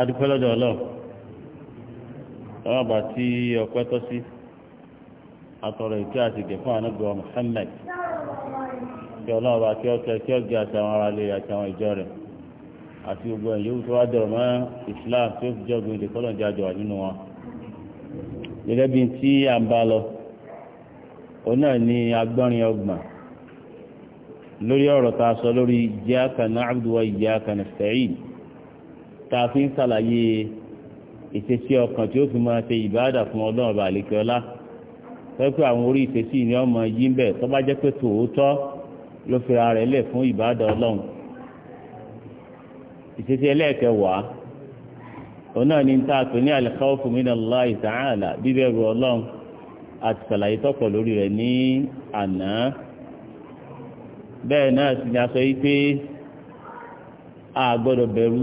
adúpẹ́ lọ́dọ̀ ọlọ́run ọlọ́ba tí ọpẹ́ tọ́ sí àtọ̀rọ̀ ìkẹ́ àti ìgẹ̀ fún ànágbọ̀ Muhammad kí ọlọ́ba kí ọkẹ́ kí ọgẹ́ àti àwọn ará ilé àti àwọn ìjọ rẹ̀ àti gbogbo ẹ̀yìn yóò tó wá dọ̀rọ̀ mọ́ Islam tó fi jọ́gbìn ilé kọ́lọ̀ jáde wà nínú wọn. gẹ́gẹ́ bí tí a ń bá lọ òun náà ni agbọ́nrin ọgbọ̀n lórí ọ̀rọ̀ tá a sọ lórí iyyaka na'budu wa iyyaka nasta'in tá a fi ń ṣàlàyé ìṣesí ọkàn tí ó fi máa ṣe ìbáàdà fún ọlọ́run ọba àlekè ọlá pẹ́pẹ́ àwọn orí ìṣesí ni ọmọ yí ń bẹ̀ tó bá jẹ́ pé tòótọ́ ló fi ara rẹ̀ lẹ̀ fún ìbáàdà ọlọ́run ìṣesí ẹlẹ́ẹ̀kẹwàá òun náà ni ń tà pé ní al-khawfu minallahi ta'ala bíbẹ̀rù ọlọ́run àti ṣàlàyé tọ́pọ̀ lórí rẹ̀ ní àná bẹ́ẹ̀ náà sì ni a sọ yí pé a gbọ́dọ̀ bẹ̀rù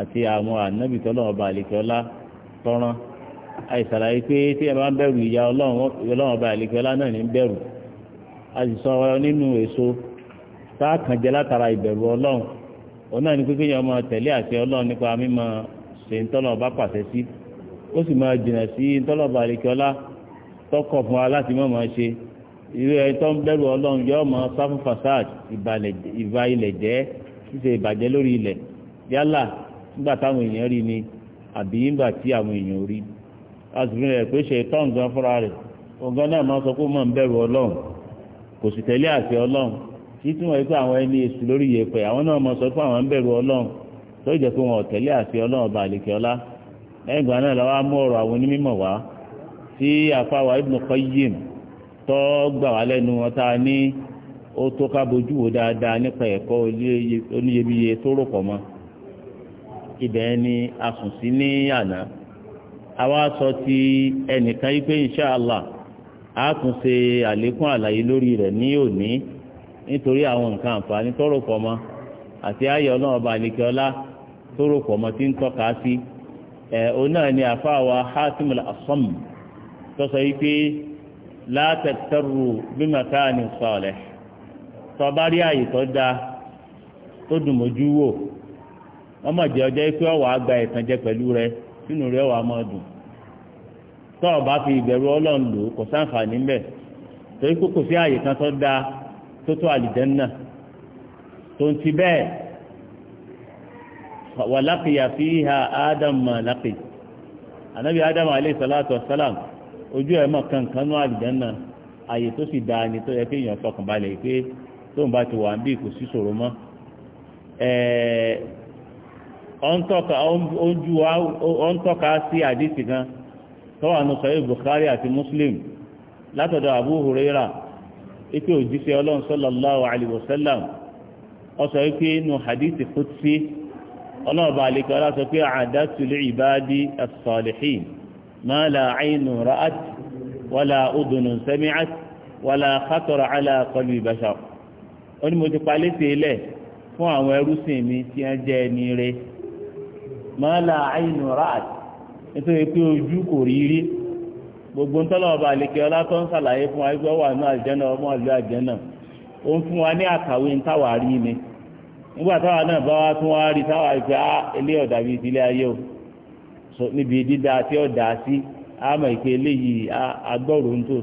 àti àwọn ànábì tọ́lọ́wọ́ ọba àlekẹ́ọ́lá tọ́rán àìsàlàyé pé tí ẹ bá ń bẹ̀rù ìyá ọlọ́wọ́ ọba àlekẹ́ọ́lá náà ní bẹ̀rù a sì sọ nínú èso tá a kàn jẹ látara ìbẹ̀rù ọlọ́run òun náà ní pé kéèyàn máa tẹ̀lé àti ọlọ́run nípa mímọ ṣe ń tọ́lọ́ ọba pàṣẹ sí ó sì máa jìnà sí ń tọ́lọ́ ọba àlekẹ́ọ́lá tọkọ̀ fún wa láti mọ̀ máa ṣe irú ẹ tó ń bẹ̀rù ọlọ́run yọ ọmọ sáfún fasad ìbà ilẹ̀ jẹ́ ṣíṣe ìbàjẹ́ lórí ilẹ̀ yálà nígbà táwọn èèyàn rí ni àbí nígbà tí àwọn èèyàn rí a sì fi rẹ̀ pé ṣe tán gan fúnra rẹ̀ ọ̀gá náà máa sọ pé ó máa ń bẹ̀rù ọlọ́run kò sì tẹ̀lé àṣẹ ọlọ́run tí tí wọ́n pé àwọn ẹni èṣù lórí àwọn náà máa sọ pé àwọn ń bẹ̀rù ọlọ́run tó pé wọn ò ọba àlèkè ọlá lẹ́yìn ìgbà náà làwọn á mú ọ̀rọ̀ àwọn onímọ̀ wá tó gbà wá lẹ́nu wọn tá a ní ó tó ká bojú wo dáadáa ibẹ̀ ni a sùn sí ní àná àwa sọ ti ẹnìkan yí pé insha Allah a tún ṣe àlékún àlàyé lórí rẹ̀ ní òní nítorí àwọn nǹkan àǹfààní tọrọ pọ̀ mọ́ àti ayọ̀ náà balẹ̀kẹ́ ọlá tọrọ pọ̀ mọ́ tí ń tọ́ka sí ẹ̀ òun náà ni àfáàwà Hatim al-Asam tọ́sọ yí pé látẹ̀tẹ̀rù bímọ̀ká ni sọ̀lẹ̀ tọ́bárí àyè tó dáa tó dùn wò. ọmọ jẹ ọjọ́ pé ọwọ́ àgbà ẹ̀tàn pẹ̀lú rẹ sínú rẹ ọwọ́ àmọ́ dùn tọ́ fi ìbẹ̀rù ọlọ́run lò kò sáǹfààní mbẹ̀ torí pé kò sí àyè kan tó dáa tó tó àlìjẹ́nà tó ń ti bẹ́ẹ̀ wà lápìyà fi ha ádámù lápì ànábì ádámù ojú ẹ̀ mọ̀ kankan tó sì da ni tó yẹ fọkàn balẹ̀ pé tóun wà ń kò sí ọ ń tọ́ka sí àdìsí kan tọ́wà nù sọ́yìn Bukhari àti Muslim látọ̀dọ̀ Abu Huraira ipe òjíṣẹ́ ọlọ́run sallallahu alaihi wasallam ó sọ pé inú hadith qudsi ọlọ́run bá lè kọ́lá sọ pé a'adatu li ibadi as-salihin ma la aynun ra'at wala udhunun sami'at wala khatara ala qalbi bashar ó ní mo sí mi tí wọ́n jẹ́ ẹni rẹ̀ ma la aynu nítorí pé ojú kò gbogbo ntọ́lọ́ ọba àlekè ọlá ń sàlàyé fún wa wà ní àlùjánnà ọmọ ìlú fún wa ní àkàwé ntàwà rí ni nígbà táwa náà bá wa tún wá rí táwa ìfẹ́ á ilé ọ̀dà bíi ìdílé ayé o níbi dídá tí ọ̀dà sí ìpè eléyìí agbọ́rò ń tó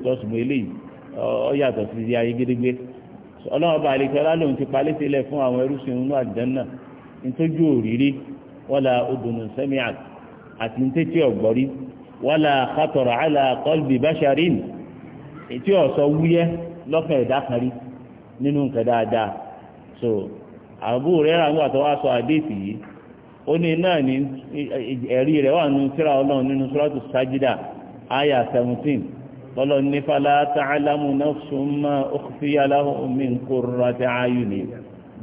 ọ yàtọ̀ sí ayé gédégbé ọba ọlá wala udunu sami'at àti ntẹ́tí ọ̀gbọ́rí wala khatara ala qalbi basharin ètí ọ̀sọ́ wúyẹ́ lọ́kàn ẹ̀dá kan nínú nǹkan dáadáa so àbú rẹ̀ rà ń wà tó wá sọ àdéhìí yìí ó ní náà ní ẹ̀rí rẹ̀ wà nínú síra ọlọ́run nínú suratu sajida aya seventeen lọ́lọ́ nífàlá ta'lamu nafsun ma ukhfiya lahum min qurrati ayunin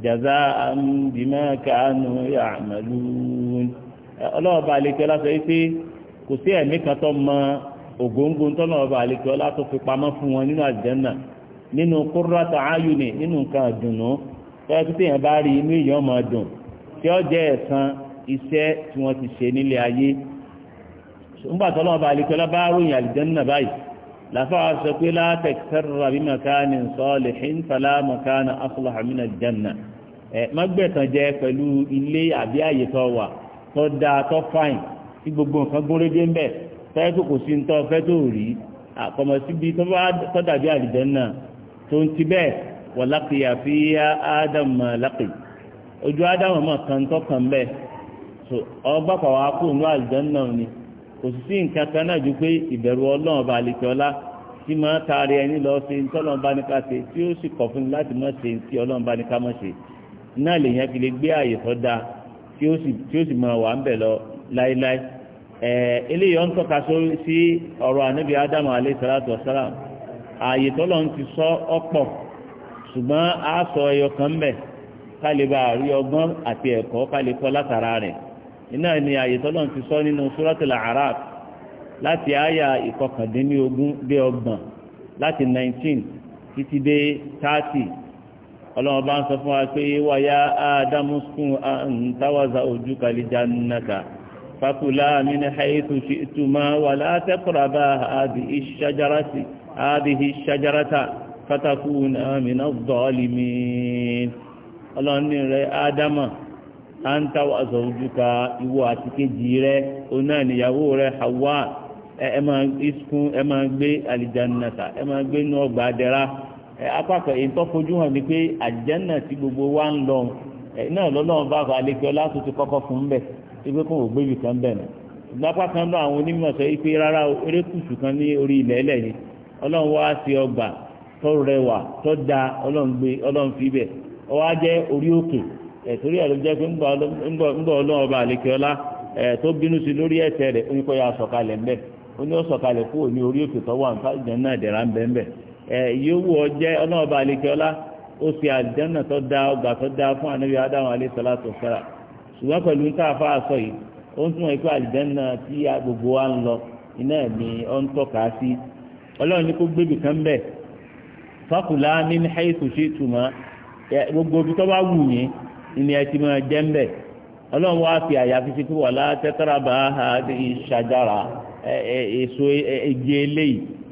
jaza'an bima kanu ya'malun ọlọ́ọ̀bà àlekẹ́ ọlá sọ wípé kò sí ẹ̀mí kan tó mọ ògóńgó tọ́lọ́ọ̀bà àlekẹ́ ọlá tó fi pamọ́ fún wọn nínú àlùjánnà nínú qurrata ayuni nínú nǹkan àdùnnú tọ́lá tó tẹ̀yàn bá rí inú èèyàn máa dùn tí ó jẹ́ ẹ̀san iṣẹ́ tí wọ́n ti ṣe nílé ayé nígbà tọ́lọ́ọ̀bà àlekẹ́ ọlá ròyìn àlùjánnà báyìí làfáà sọ pé látẹ̀kẹ́rọ̀ àbí màkánì sọ́ọ̀lì ẹ mọ́gbẹ̀tàn jẹ pẹ̀lú ilé àbí àyè tó wà tó da tó fine tí gbogbo nǹkan gúnrégé ń bẹ̀ fẹ́ tó kò sí ń tọ́ fẹ́ tó rí àkọmọ síbi tó bá tó dàbí àlìjẹ́ náà tó ń ti bẹ́ẹ̀ wọ́n lákìyà fi yá ádámù lákì ojú ádámù mọ̀ kan tó kàn bẹ́ẹ̀ so ọba kọ̀ wá kó àlìjẹ́ náà ni kò sì sí nǹkan kan náà ju pé ìbẹ̀rù ọlọ́run bá àlìkẹ́ ọlá tí máa taari ẹni lọ ṣe ń ṣe tí ó sì kọ̀ fún mi láti má ṣe ń tí ọlọ́mbánikà ṣe náà lèyàn fi lè gbé àyè tó dáa tí ó sì tí ó sì máa wà ń bẹ̀ lọ láéláé ẹ̀ẹ́ eléyìí ọ̀n tọ́ka sí ọ̀rọ̀ ànábì ádámù alayhi salatu wassalam àyè tó lọ́n ti sọ ọ̀pọ̀ ṣùgbọ́n a sọ ẹyọ kan mbẹ̀ ká lè bá àrí ọgbọ́n àti ẹ̀kọ́ ká lè kọ́ látara rẹ̀ iná ni àyè tó lọ́n ti sọ nínú suratul A'raf láti àyà ìkọkàndínlógún dé ọgbọ̀n láti 19 títí dé 30 ọlọ́run bá ń sọ fún wa pé wáyá ádámù sùn àǹtáwàzà ojú kàlíjà nàkà fakula min haythu shi'tuma wala taqraba hadhihi ash-shajarati hadhihi ash-shajarata fatakuna min adh-dhalimin ọlọ́run ní rẹ̀ ádámà àǹtáwàzà ojú ka ìwọ àti kejì rẹ̀ oná rẹ̀ hawa ẹ máa iskun gbé àlìjà nàkà ẹ gbé inú ọgbà dẹ́ra. apákan èyí tó fojú hàn ni pé àjẹ́nà gbogbo wa ń lọ náà lọ́lọ́run bá kọ́ alẹ́ kí ọlá tó ti kọ́kọ́ fún un bẹ̀ wípé kò gbé kan bẹ̀ nù sọ wípé rárá erékùsù kan ní orí ilẹ̀ ọlọ́run wá sí ọgbà tó rẹwà tó da ọlọ́run gbé ọlọ́run fi bẹ̀ wá jẹ́ orí òkè ẹ̀ ya sọ̀kalẹ̀ ńbẹ̀ kúrò ní orí òkè tó wà ní yòówù ọjẹ́ ọlọ́ọ̀bà àlekẹ́ọ́lá ó fi àlìjánà tó da ọgbà tó da fún ànábì Ádámù alayhisalaam tó fẹ́ra ṣùgbọ́n pẹ̀lú nǹkan àfa àsọ yìí ó ń túmọ̀ ikú àlìjánà tí gbogbo wa ń lọ iná ẹ̀mí ọ ń tọ́ka sí ọlọ́run ní kó gbébì kan bẹ̀ fakùlá min gbogbo bá wù yín ẹ ti máa jẹ́ ń wala èso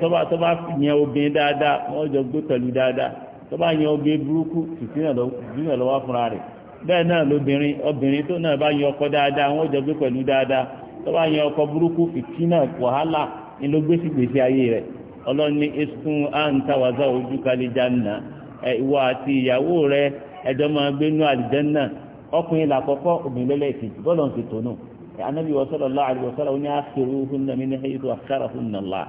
tọ́ba tọ́ba yẹn obìnrin dáadáa wọ́n jọ gbé pẹ̀lú dáadáa tọ́ba yẹn obìnrin burúkú fìtínà lọ́wọ́ fúnra rẹ̀ bẹ́ẹ̀ náà lóbìnrin obìnrin tó náà bá yẹn ọkọ dáadáa wọ́n jọ gbé pẹ̀lú dáadáa tọ́ba yẹn ọkọ burúkú wàhálà ni ayé rẹ̀ ọlọ́ni antawaza ojú kalijanna ìwọ àti ìyàwó rẹ ẹjọ́ máa gbé nú àlìjánná ọkùnrin làkọ́kọ́ obìnrin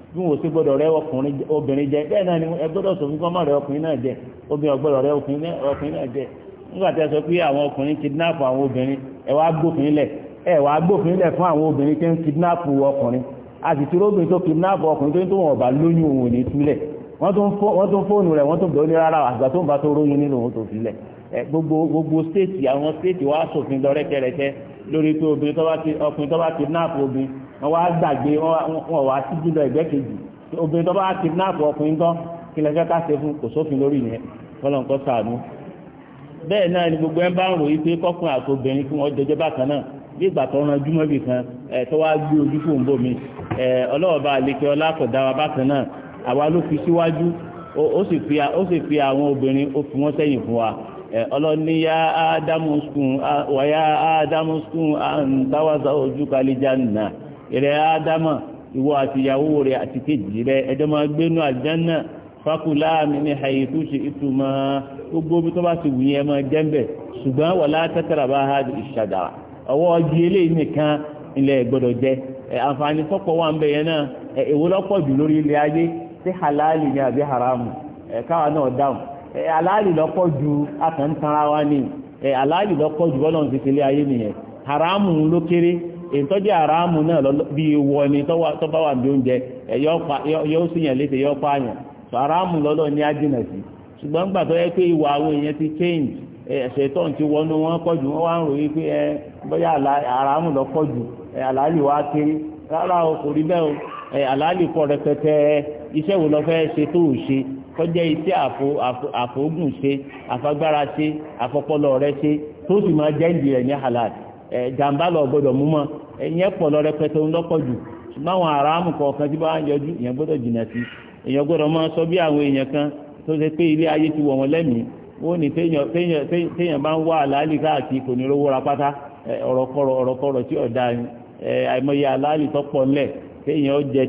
bí wọn ò sí gbọ́dọ̀ rẹ ọkùnrin obìnrin jẹ bẹ́ẹ̀ náà ni ẹ gbọ́dọ̀ sọ fún kọ́ máa rẹ ọkùnrin náà jẹ obìnrin ọgbọ́dọ̀ rẹ ọkùnrin náà jẹ nígbà tí a sọ pé àwọn ọkùnrin kidnap àwọn obìnrin ẹ wá gbófin lẹ̀ ẹ wá gbófin lẹ̀ fún àwọn obìnrin tí ń kidnap ọkùnrin àti tí rógbìn tó kidnap ọkùnrin tó ń wọn ọba lóyún òun ní túlẹ̀ wọ́n tó ń fóònù rẹ̀ wọ́n tó ń bẹ̀rù ní rárá àgbà tó ń bá tó róyún nínú òun tó fi lẹ̀ gbogbo gbogbo stéètì àwọn stéètì wa sòfin lọ rẹ́kẹrẹkẹ lórí pé obìnrin tó bá kidnap obìnrin wọ́n wá gbàgbé wọ́n wá sí jùlọ ẹgbẹ́ kejì obìnrin tó bá ti náàpọ̀ ọkùnrin tán kí lẹ́fẹ́ ká ṣe fún kò sófin lórí yẹn kọ́lọ́n sàánú. bẹ́ẹ̀ náà ni gbogbo ẹ̀ ń bá ń ròyìn pé kọ́kùnrin àti obìnrin kí wọ́n jọjọ́ bákan náà bí ìgbà tó ran júmọ́ bì kan tó wá gbé ojú fún un bòmí ọlọ́ọ̀bá àlekè ọlá kò dá wa bákan náà àwa ló fi síwájú ó sì fi àwọn obìnrin ó fi wọ́n sẹ́yìn fún wa ọlọ́ni ya ádámù skùn wàyà ádámù skùn àǹtáwàzà ojú kálíjà náà ìrẹ ádámà ìwọ àti ìyàwó rẹ àti kejì rẹ ẹjọ máa gbénú àlùjánnà fakula min haythu shi'tuma gbogbo bí tó bá ti wù yẹn máa jẹ́ńbẹ̀ ṣùgbọ́n wala tatraba hadhihi ash-shajara ọwọ́ ọjì eléyìí nìkan ilẹ̀ gbọ́dọ̀ jẹ àǹfààní sọ́pọ̀ wà ń bẹ yẹn náà èwo lọ́pọ̀ jù lórí ilẹ̀ ayé sí halali ni haramu káwa náà ìtọ́jú àràmù náà bí wọ ni tó bá wà ní oúnjẹ yóò síyàn léṣe yóò pààyàn tó àràmù lọ́lọ́ ní ájìnà sí ṣùgbọ́n gbà tó yẹ pé ìwà àwọn èèyàn ti change ẹ̀ṣẹ̀ tó ń ti wọnú wọn pọ̀jù wọn wá ń ròyìn pé ẹ bóyá àràmù lọ pọ̀jù àlàálì wa kéré rárá o kò rí bẹ́ẹ̀ o àlàálì pọ̀ rẹpẹtẹ iṣẹ́ wo lọ fẹ́ ṣe tó ò ṣe kọjá iṣẹ́ ṣe àfagbára ṣe àfọpọlọ rẹ ṣe tó sì máa jẹ́ ìdí ní ẹ̀yìn ẹ̀pọ̀ lọ rẹpẹtẹ ń lọ́pọ̀ jù ṣùgbọ́n àwọn aráàmù kọ̀ọ̀kan tí bá ń yọjú èèyàn gbọ́dọ̀ jìnà sí èèyàn gbọ́dọ̀ máa sọ bí àwọn èèyàn kan tó ṣe pé ilé ayé ti wọ̀ wọ́n lẹ́mìí wọ́n ní téèyàn bá ń wá àlàálì káàkiri kò ní rówó ọ̀rọ̀kọ̀rọ̀ ọ̀rọ̀kọ̀rọ̀ tí ọ̀dà àìmọye àlàálì tọ́pọ̀ ńlẹ̀ téèyàn jẹ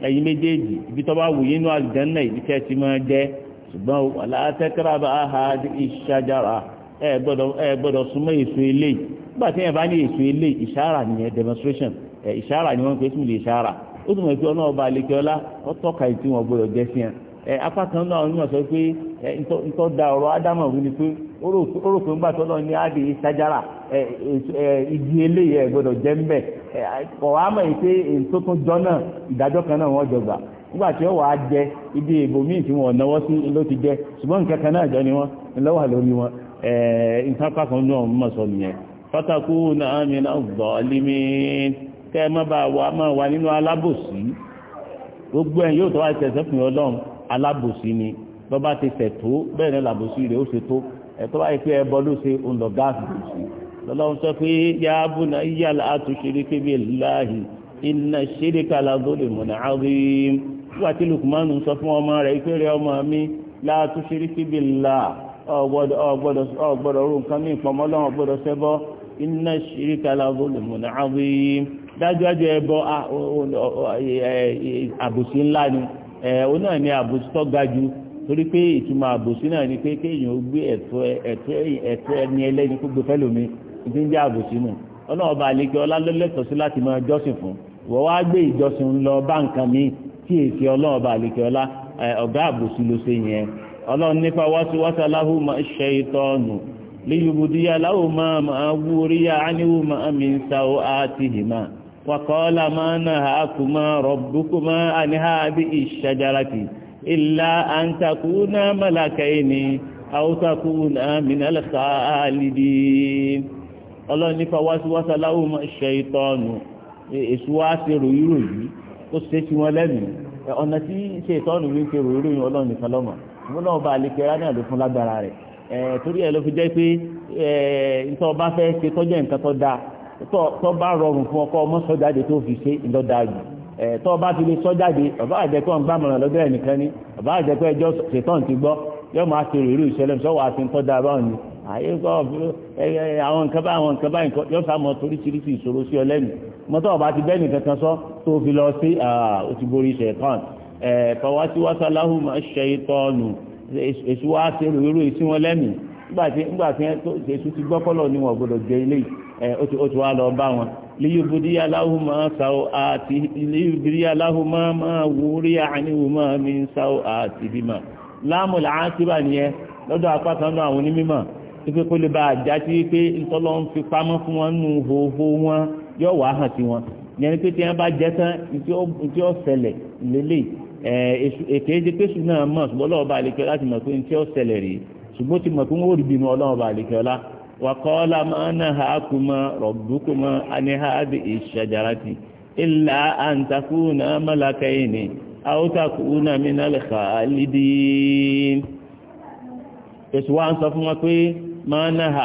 tí tí ibi tó bá wù yín ṣùgbọ́n aláàtẹ́kẹ́rà a ha ìṣàjára ẹ gbọ́dọ̀ ẹ gbọ́dọ̀ súnmọ́ èso eléyìí nígbà tí ẹ bá ní èso eléyìí ìṣàrà demonstration ìṣàrà ni wọ́n pè sí ìṣàrà ó tún mọ̀ pé ọba àlekè ọlá ó tọ́ka wọn gbọ́dọ̀ jẹ́ sí ẹ apá kan náà wọn sọ pé ntọ́ da ọ̀rọ̀ ádámọ̀ ni pé ó rò pé ní ìṣàjára nígbà tí ó jẹ ibi ìbòmíì tí wọn náwó sí ló ti jẹ ṣùgbọ́n nǹkan kan jọ ni wọn lórí wọn nǹkan pàkan mọ̀ sọ nìyẹn mi náà kẹ́ ẹ má gbogbo ẹ̀ yóò tó wá ṣẹ̀ṣẹ̀ fún nígbà tí Lukumanu sọ fún ọmọ rẹ̀ ipe rẹ̀ ọmọ mi láàtú ṣíríkì billah ọ̀gbọ́dọ̀ rú nǹkan mí ìpamọ́ lọ́wọ́ ọ̀gbọ́dọ̀ ṣẹbọ inna ṣíríkà la zulmun azim dájúdájú ẹbọ e, e, àbòsí ńlá ni òun náà ni àbòsí tó ga jù torí pé ìtumọ̀ àbòsí náà ni pé kéèyàn ó gbé ẹ̀tọ́ ẹ̀tọ́ ẹni ẹlẹ́ni kó gbé fẹ́lòmí ìdí ń jẹ́ àbòsí nù ọlọ́ọ̀bà àlejò ọlá lọ́lẹ́tọ̀ọ́ sí láti máa jọ́sìn fún wọ́n wá gbé ìjọsìn lọ bá nǹkan míì tí èsì ọlọ́ọ̀bà àlèkè ọlá ọ̀gá àbòsí ló ṣe yẹn ọlọ́run nípa wáṣíwáṣá láhùn ṣe ìtọ́nù líyubùdíyà láhùn máa máa wú oríyá wàkọ́ọ́lá máa ń náà àkùmá rọ̀bùkùmá àníhà bí ìṣàjáratì ìlà àǹtakùnà mọ́làkẹ́ni àwòtakùnà mìnàlẹ́kà àlìdí ọlọ́run nípa wáṣíwáṣá ṣe ìtọ́nù ó ṣe ti wọn lẹ́mìí ọ̀nà tí ṣe ìtọ́nù mi ṣe ròyìn ròyìn ọlọ́run nìkan lọ́mọ mo náà bá àlekè ara náà ló fún lágbára rẹ̀ ẹ̀ torí ẹ̀ ló fi jẹ́ pé ẹ̀ nítorí ọba fẹ́ ṣe tọ́jú nǹkan tó dáa tó bá rọrùn fún ọkọ ọmọ sọ́jáde tó fi ṣe ìlọ́dà jù ẹ̀ tó bá fi lè sọ́jáde ọba àjẹpẹ́ ọ̀n gbàmọ̀ràn lọ́dọ̀ ẹ̀ nìkan ni ọba àjẹpẹ́ ẹjọ́ ṣètọ́n ti gbọ́ yóò máa ṣe rèé ìṣẹ̀lẹ̀ sọ́wọ́ àti ń tọ́jà báwọn ni àyè kọ́ àwọn nǹkan bá nǹkan báyìí yóò sá mọ́tò ọba ti bẹ́ẹ̀ nìkan kan sọ tó fi lọ sí ó ti borí ṣẹ̀kan fọwọ́síwọ́sá láhùn máa ṣe ìtọ́nù èṣù wá sí rúurú ìsí wọn lẹ́mìí nígbàtí nígbàtí èṣù ti gbọ́ kọ́lọ̀ ni wọn gbọdọ̀ jẹ ilé ó ti wá lọ bá wọn liyubiriya láhùn máa sàó àti liyubiriya láhùn máa máa wúrí àníwò máa mi sàó àti bímọ láàmù làásìbà nìyẹn lọ́dọ̀ apákan náà àwọn onímọ̀ ife kó lè bá àjá sí pé ntọ́lọ́ ń fi pamọ́ fún wọn nù hóhó wọn yóò wá hàn sí wọn ìyẹn pé tí wọ́n bá jẹ́ tán ntí ó ṣẹlẹ̀ lélẹ̀ èké ẹ̀jẹ̀ pésù náà mọ̀ ṣùgbọ́n ọlọ́ọ̀ba àlekẹ́ láti mọ̀ pé ntí ó rèé ti mọ̀ pé wọ́n ò rí bínú ọlọ́ọ̀ba ma ọlá wàkọ́ọ́lá máa ń ha kuma rọ̀bùkuma anihadi ilà wa ń sọ fún pé máa ha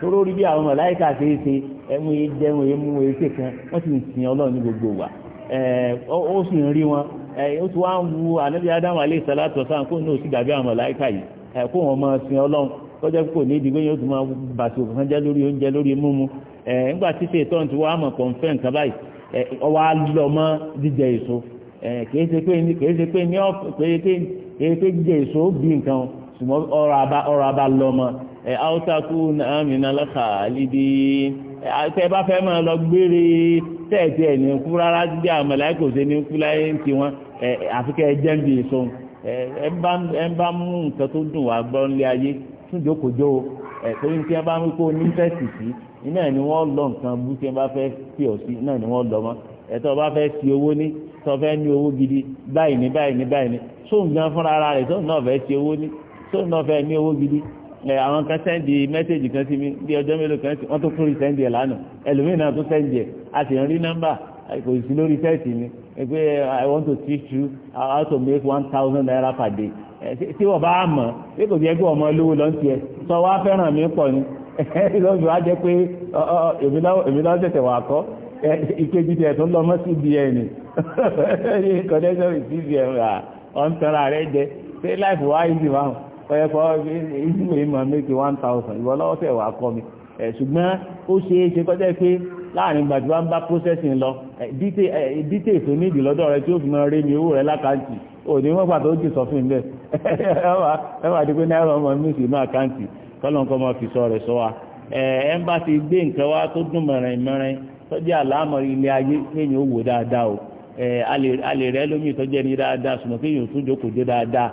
tóró rí bí àwọn mọ̀láìkà ṣe é ṣe ẹ̀mú yìí jẹun èyí mú èyí ṣe kan wọ́n sì ń sin ọlọ́run ní gbogbo wa ó sì ń rí wọn ó ti wá ń wu ànábì ádámù alẹ́ ìsàlátù ọ̀sán kó ní òsì dàbí àwọn mọ̀láìkà yìí kó wọn máa sin ọlọ́run kọjá kó ní ìdìgbò yóò tún máa bàtì òkú kan jẹ́ lórí oúnjẹ lórí mímu nígbà tí tètè ọ̀hún ti wá mọ̀ kọ̀ǹfẹ́ nǹkan báyìí ọwọ́ á mọ́ jíjẹ èso kìí ṣe ṣe pé ní ọ̀ ẹ haúsá kú amina lọ́kà lídì tẹ bá fẹ́ máa lọ gbére tẹ̀sí ẹ̀ ní kú rárá bí àwọn mọ̀láìkò ṣe ní kú láyé ń ti wọn ẹ àfikẹ́ ẹ jẹ́ ń bì sọ ẹ ń bá mú nǹkan tó dùn wá gbọ́ nílé ayé tún jókòjó ẹ torí ní tí wọn bá ń kó ní fẹ́ẹ̀sì sí iná ni wọ́n lọ nǹkan bú tí wọ́n bá fẹ́ fi ọ̀ sí iná ni wọ́n lọ mọ́ ẹ̀tọ́ bá fẹ́ fi owó ní tọ́ fẹ́ ní owó gidi báyìí ní báyìí ní báyìí ní sóun gan fúnra rẹ̀ sóun náà fẹ́ fi owó ní sóun náà fẹ́ ní owó gidi ẹ àwọn kan sẹ́ndì mẹ́sẹ̀jì kan sí mi bí ọjọ́ mélòó kan sí wọ́n tó kúrò sẹ́ndì ẹ̀ lánàá ẹlòmíín náà tó sẹ́ndì ẹ̀ a sì ń rí nọ́mbà kò sí lórí sẹ́ẹ̀tì mi pé i want to teach you how to make one thousand naira per day tí wọ́n bá mọ̀ pé kò jẹ́ pé ọmọ olówó lọ́n tiẹ̀ sọ wá fẹ́ràn mi pọ̀ ni lọ́sùn wá jẹ́ pé èmi lọ́wọ́ tẹ̀tẹ̀ wà kọ́ ìkejì tẹ̀ tó lọ́mọ́ sí cbn ní connection with cbn rà ọ̀n tẹ́ra rẹ jẹ ṣé láìpẹ́ wá yìí ti máa ọ̀yẹ́ kọ́ ìdíwò ìmọ̀ méjì one thousand ìwọ lọ́wọ́ fẹ́ wà kọ́ mi ṣùgbọ́n ó ṣe é ṣe kọjá pé láàrin gbàdúrà ń bá lọ dítè tó nídìí lọ́dọ̀ rẹ tí ó fi máa rí mi owó rẹ lákàntì òní wọ́n pàtó sọ fún dípé náírà ọmọ mi sì máa kàntì fi sọ rẹ̀ sọ wa gbé nǹkan wá tó dùn tọ́jú àlámọ̀ ilé o a lè rẹ́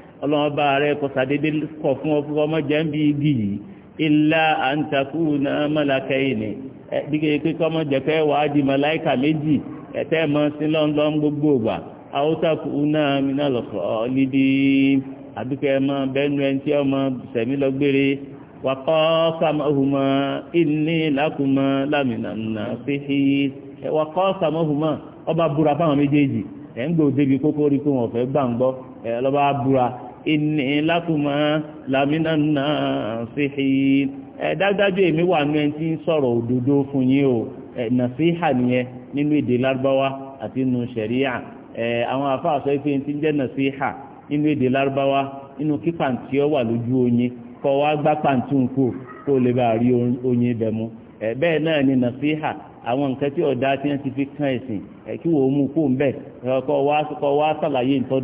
ọlọ́wọ́n bá rẹ kọ sàdédé kọ̀ fún ọmọ jẹ́ igi yìí ilá àǹtakùnà mọ́làkẹ́yìn bí kọ́ ọmọ jẹ́ di méjì ẹ̀tẹ́ mọ́ sí gbogbo ògbà àwòtàkùnà mìíràn lọ́kọ̀ lídì àbíkẹ́ mọ́ bẹ́nu ọmọ sẹ̀mí wàkọ́ sàmọ́hùmọ́ ìní làkùmọ́ wàkọ́ sàmọ́hùmọ́ ọba búra fáwọn méjèèjì ẹ̀ ń gbòó débi kókó rí fẹ́ gbàǹgbọ́ lọ́ba búra inni lakuma lamina nasihin dájúdájú èmi wà ní ẹni tí ń sọ̀rọ̀ fún o ẹ nìyẹn nínú èdè lárúbáwá àti nínú ṣẹ̀ríà àwọn afáà sọ ti ń jẹ́ nàṣíhà nínú èdè lárúbáwá nínú kí pàǹtí ọ wà lójú oyin kọ́ wá gbá pàǹtí onye kó lè bá mu bẹ́ẹ̀ náà ni nàṣíhà àwọn nǹkan tí ọ̀dà tí wọ́n ti fi ẹ̀sìn kí wọ́n mú kó ń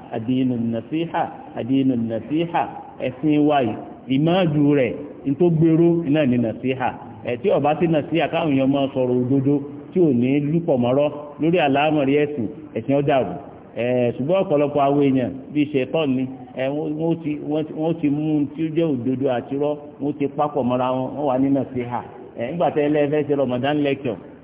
àdínù nàṣíhà àdínù nàṣíhà ẹ̀sìn wáyé ìmáàdù rẹ̀ tó gbèrú náà ní nàṣíhà ẹ̀tí ọ̀bá sí nàṣíhà káwọn èèyàn máa sọ̀rọ̀ òdodo tí ò ní lúpọ̀ mọ́rọ́ lórí àlámọ̀rí ẹ̀sìn ẹ̀sìn ọ̀dà rù ṣùgbọ́n ọ̀pọ̀lọpọ̀ àwọn èèyàn bíi ṣètọ́ ni wọ́n ti mú un tí ó jẹ́ òdodo àtirọ́ wọ́n ti pápọ̀ mọ́ra wọn wà ní nàṣíhà nígbà tẹ́lẹ̀ fẹ́ ṣe rọmọdán lẹ́kọ̀ọ́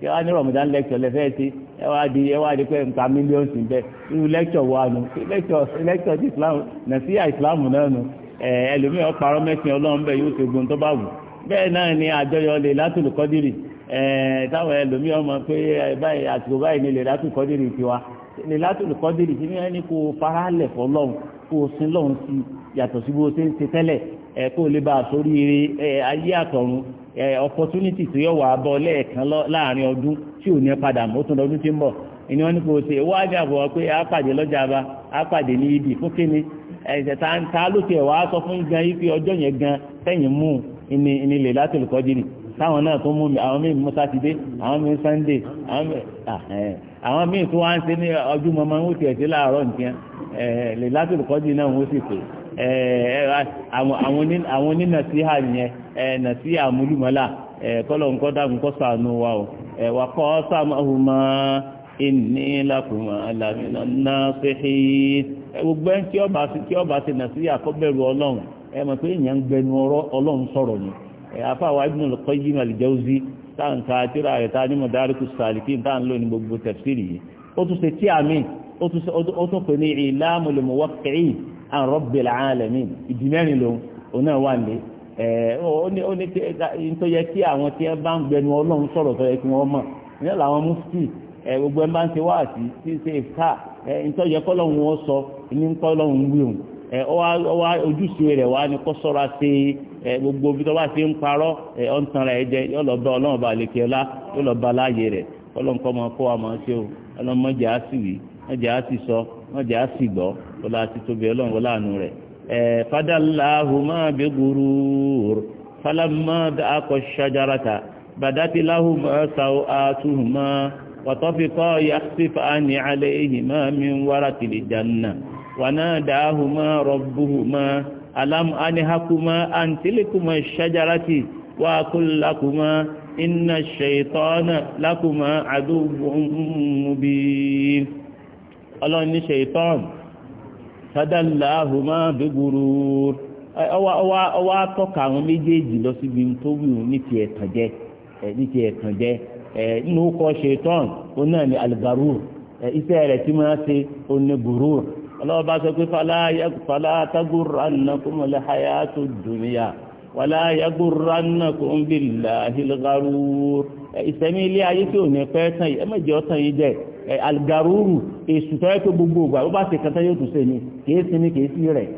kí wọ́n ní rọ̀mọ̀dá lẹ́kṣọ̀ lẹ́fẹ́ ti ẹ wá di ẹ wá di pé nǹkan mílíọ̀nù sí bẹ́ẹ̀ irú lẹ́kṣọ̀ wa nù lẹ́kṣọ̀ ti islam nàìjíríà islam náà nù yóò ṣe tó bá wù náà ni lè látòlù táwọn pé báyìí báyìí ni lè látòlù lè látòlù ti ní ẹni kó faralẹ̀ ẹ kó lè bá a sórí ayé àtọ̀run opportunity yọ wà á lẹ́ẹ̀kan láàrin ọdún tí ò ní padà mọ́ tó lọ́dún tí ń wọn ní kò ṣe a pàdé lọ́jà a pàdé ní ibi fún kíni ẹ̀sẹ̀ ta lókè sọ fún gan yí pé ọjọ́ yẹn gan mú ìní láti táwọn náà tó mú mi àwọn míì mú sátidé àwọn míì àwọn míì tó wá àwọn onínàsíhà yẹn na múlùmọ́là kọ́lọ̀ nǹkan dákun kọ́ wa o wà kọ́ sàmọ́hùmá ìní làkùnmọ́ àlàmìnà náà fẹ́hí gbogbo ẹni tí ọba ti ọlọ́run mọ̀ pé ń gbẹnu ọlọ́run sọ̀rọ̀ ni tá tá lò ní gbogbo yìí ó tún ṣe tí àmì ó tún pè ní an rabbil alamin ìdí mẹ́rin lòun òun wà lé ẹ ó ní ó ní tó yẹ kí àwọn tí ẹ bá ń gbẹnu ọlọ́run sọ̀rọ̀ tó yẹ kí wọ́n mọ̀ ní làwọn mufti ẹ gbogbo ẹ bá ń ṣe wá sí sí ṣe ká ẹ tó yẹ wọn sọ ní kọ́lọ́run wí òun ẹ ọ wá ojúṣe rẹ̀ wá ní kó sọ́ra ṣe ẹ gbogbo bí tó bá ṣe ń parọ́ ẹ ọ̀ ń tan ra ẹ jẹ bá ọlọ́run bá lè ọlá kọ́ kó wa o wọlá àti tóbi ọlọ́run wọlá àánú rẹ̀ ẹ̀ fadàláhùmá bí gurur falamma akọ ṣajarata badati láhùmá sàó àtúhùmá wàtọ́fikọ́ yàtìfà ní alẹ́ ìhìmá mi ń wára tìlì janna wànádàáhùmá rọ̀bùhùmá alam anihakuma antilikuma ṣajarati wa kullakuma inna ṣeitọ́nà lakuma àdúgbò mubin ọlọ́run ní ṣeitọ́nà fadallahuma bi gurur ọwọ́ atọ́ka àwọn méjèèjì lọ síbi tó wù ní ti ẹ̀tàn jẹ ní ti ẹ̀tàn jẹ nínú kọ́ ṣetán ó náà ní algarur iṣẹ́ rẹ̀ tí máa ṣe ó ní gurur ọlọ́wọ́ bá sọ pé fala tagurrannakumul hayatud dunya wala yagurrannakum billahil garur ìsẹ̀mí ilé ayé tí ò ní pẹ́ tán yìí ẹ algaruru èsù tó yẹ pé gbogbo ògbà ó bá ṣe kẹta yóò tún ṣe ni kìí sinmi kìí sí rẹ̀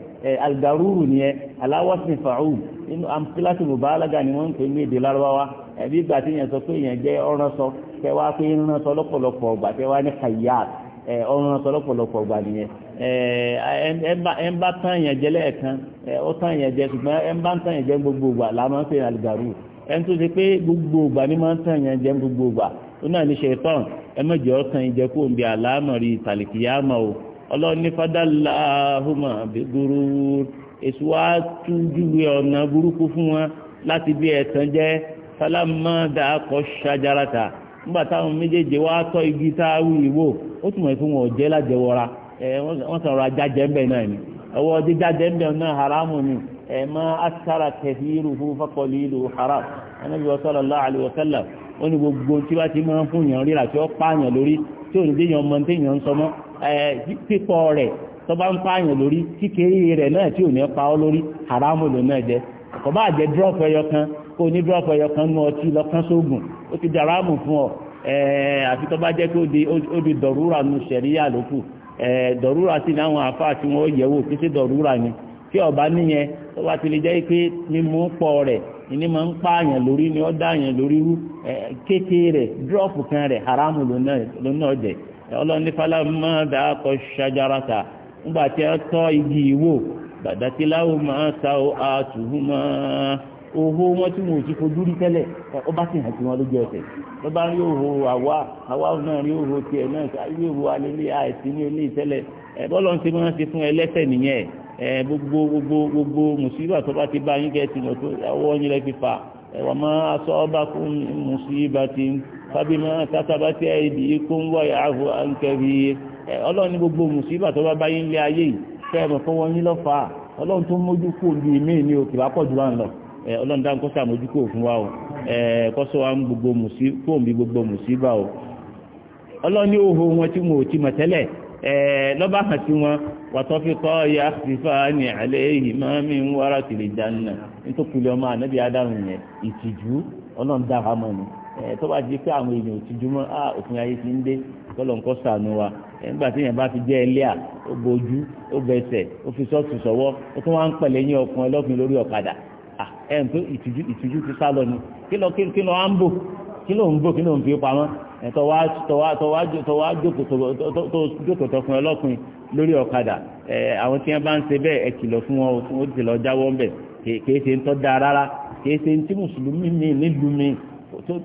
algaruru ni ẹ aláwọ̀sìn fàáhù nínú amúkíláṣí mùbálágà ni wọ́n ń pè ní èdè lárúbáwá ẹbí ìgbà tí yẹn sọ pé yẹn jẹ́ ọ̀ránṣọ kẹwàá pé ìránṣọ lọ́pọ̀lọpọ̀ ọgbà kẹwàá ní kàyáàt ọ̀ránṣọ lọ́pọ̀lọpọ̀ ọgbà nìyẹn ẹnba tán yẹn jẹ lẹ́ẹ̀kan ó tán yẹn jẹ ṣùgbọ́n ẹnba tán yẹn jẹ gbogbo ògbà làwọn ń pè ní algaruru ẹni tó ṣe pé gbogbo ògbà ni máa ń tán yẹn jẹ gbogbo ògbà ó náà ní ṣètọ́n ẹ ọkàn ọ̀sán ìjẹ́kú òǹbí àlámọ̀rí tàlìkìyàmọ̀ o ọlọ́ọ̀ni fádàlá ahùmà gbúrú èso wa esu wá tọ́ igi tá a wù fún wọn ọ̀jẹ́ lájẹwọra wọ́n sọ̀rọ̀ ajájẹ́ ńbẹ̀ náà ni ọwọ́ jíjájẹ́ ńbẹ̀ na haramu ni ẹ̀ máa haram sallallahu alaihi wasallam ó gbogbo tí wá ti máa ń fún yàn ríra tí ó pààyàn lórí tí ò ní dé yàn mọ yàn ń sọmọ pípọ̀ rẹ̀ tó bá ń pààyàn lórí kíkéré rẹ̀ náà tí ò ní pa ọ́ lórí haramu ló náà jẹ kò bá jẹ drop ẹyọ kan kó ní drop ẹyọ kan ọtí lọ́kàn sóògùn ó ti dàrámù fún ọ àfi jẹ́ o di dọ̀rúra nu sẹ̀ríyà lókù dọ̀rúra ní àwọn yẹ̀wò kí sí dọ̀rúra ìní máa ń pààyàn lórí ni ó dáàyàn lórí rú kékeré rẹ̀ dúrọ́ọ̀pù kan rẹ̀ haramu lónà ọ̀jẹ̀ ọlọ́ni falamma dhaqa shajarata ńgbà tí tọ́ igi ìwò bàdàtìláwò máa ta ó àtùhùmá owó wọn tí mo ti fojú rí tẹ́lẹ̀ ó bá sì hàn sí wọn lójú ẹsẹ̀ ló bá rí òhò àwa àwa náà rí òhò tiẹ̀ náà alẹ́ àìsí ní ilé gbogbo gbogbo gbogbo tó bá ti bá yín kẹ́ ti mọ̀ tó ọwọ́ yín fi ọlọ́run ní gbogbo musiba tó bá bá yín lé ayé yìí kẹ́ ẹ mọ̀ fọwọ́ yín lọ́ fà ọlọ́run tó mójú kó mí ní òkè wá pọ̀ jù wá ń ọlọ́run dáhùn kó fún wa o kọ́sọ́ wa ń gbogbo musiba, kó ń bí gbogbo musiba o ọlọ́run ní òhò lọ́ba hàn sí wọn wàtọ́fíkọ́ ya fífa ní àlẹ́ yìí máa mi ń wára kìlì dáná nítòkùlé ọmọ ànábì adáhùn yẹn ìtìjú ọlọ́run dára mọ́ ni tó bá di pé àwọn èèyàn ìtìjú mọ́ á ah, òfin ayé ti ń dé kọ́lọ̀ nǹkan sànù wa nígbà tí èèyàn bá fi jẹ́ ẹlẹ́à ó bojú ó bẹsẹ̀ ó fi sọ́ọ̀tù sọ́wọ́ ó tún wá ń pẹ̀lẹ́ yín ọkùnrin ọlọ́kùnrin lórí ọ̀kadà ẹ̀ ń pé ìtìjú ti sá lọ ni kí lọ kí lọ á ń bò kí ló ń gbò kí ló ń fi pamọ́ tọwá jókòó tọkùn ọlọ́kùnrin lórí ọ̀kadà àwọn tí wọ́n bá ń ṣe bẹ́ẹ̀ ẹ kìlọ̀ fún wọn ó ti lọ jáwọ́ ń bẹ̀ kìí ṣe ń tọ́ da rárá kìí ṣe ń tí mùsùlùmí mi nílùú mi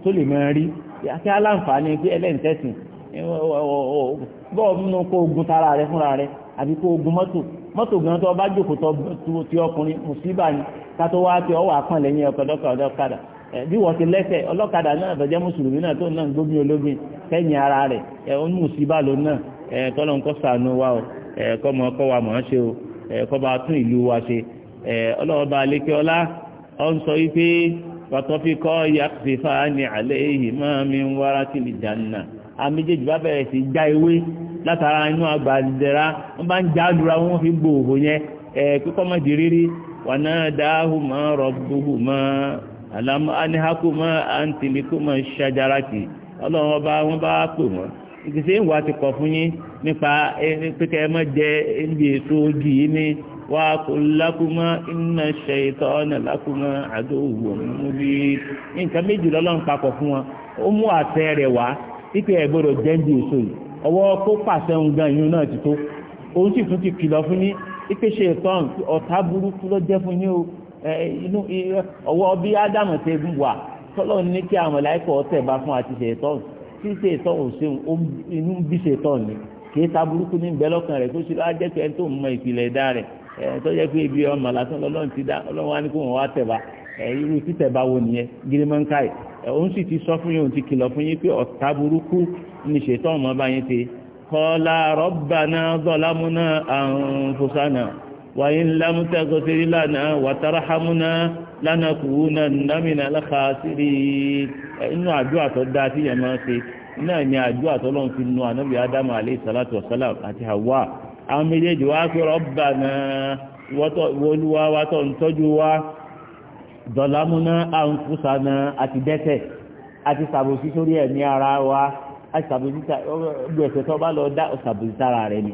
tó lè máa rí àti aláǹfààní pé ẹlẹ́ǹtẹ̀sìn bọ́ọ̀ nínú kó ogun tara rẹ fúnra rẹ àbí kó ogun mọ́tò mọ́tò gan tó bá jókòó tó ti ọkùnrin mùsùlùmí bá ní ká tó wá ti ọwọ́ àpọ̀n ọkọ̀ bí wọ́n ti lẹ́sẹ̀ ọlọ́kadà náà tọ́jẹ́ mùsùlùmí náà tó náà ń kẹ́yìn ara rẹ̀ ẹ̀ ó ló náà ẹ̀ ń kọ́ sànú wa o ẹ̀ mọ wa mọ̀ ọ́n o ẹ̀ bá tún ìlú wa ṣe ẹ̀ ọlọ́ọ̀ba ọlá ọ̀ ń sọ wípé pàtọ́fì yàtìfà ní alẹ́ yìí máa mi ń wára sí ìjànà àmì bá bẹ̀rẹ̀ sí ewé látara inú àgbà wọ́n bá ń já wọn fi gbòòhò yẹn ẹ̀ kíkọ́ di wà náà dáhùn mọ́ àlámú anihakuma antilikuma ṣajarati ọlọ́run ọba wọn bá pè wọ́n ìgbésẹ̀ ìwà ti kọ̀ fún yín nípa eh, pípẹ́ ẹ mọ́ jẹ níbi ètò ojì yìí ní wà kò lákúmọ́ iná ṣe ìtọ́ ọ̀nà lákúmọ́ àdóhùwò múbi nǹkan méjì lọ́lọ́run papọ̀ fún wọn ó mú àṣẹ rẹ̀ wá pípẹ́ ẹ gbọ́dọ̀ jẹ́ níbi ètò yìí ọwọ́ kó pàṣẹ ń gan ìyún náà ti tó òun sì tún ti kìlọ̀ fún yín pípẹ́ ṣe ìtọ́ ọ̀tá burúkú ló jẹ́ fún yín o inú ọwọ́ bí ádámù ṣe ń wà tọ́lọ́ ní kí àwọn màláíkà tẹ̀ bá fún àti ṣètọ́n tí ṣètọ́n ò ṣe inú bí ṣètọ́n ni kì í ta burúkú ní ìbẹ́lọ́kàn rẹ̀ kó ṣe á jẹ́ pé ẹni tó mọ ìpìlẹ̀ dá rẹ̀ tó jẹ́ pé ibi ọmọ lásán lọ́lọ́run ti dá ọlọ́run wá ní kó wọn wá tẹ̀ bá irú títẹ̀ bá wo nìyẹn gírímọ́ńkáì òun sì ti sọ fún yín òun ti kìlọ̀ fún yín pé ọ̀tá burúkú ní ṣètọ́n ọmọ báyìí ti kọ́lá rabbana zalamuna anfusana وإن لم تغفر لنا وترحمنا لنكونن من الخاسرين inú àdúrà tó dáa tí yẹn máa ń ṣe náà ni àdúrà tó lọ́n fi nu ànábì ádámù alayhi salatu wa salam àti hawa àwọn méjèèjì wá pé rọ́bà náà wọlúwa wa tó ń tọ́jú wa dọ̀lámúná àǹfùsànà àti dẹ́ṣẹ̀ àti sàbòsí sórí ẹ̀mí ara wa àti sàbòsí gbèsè tó bá lọ dá sàbòsí sára rẹ̀ ni.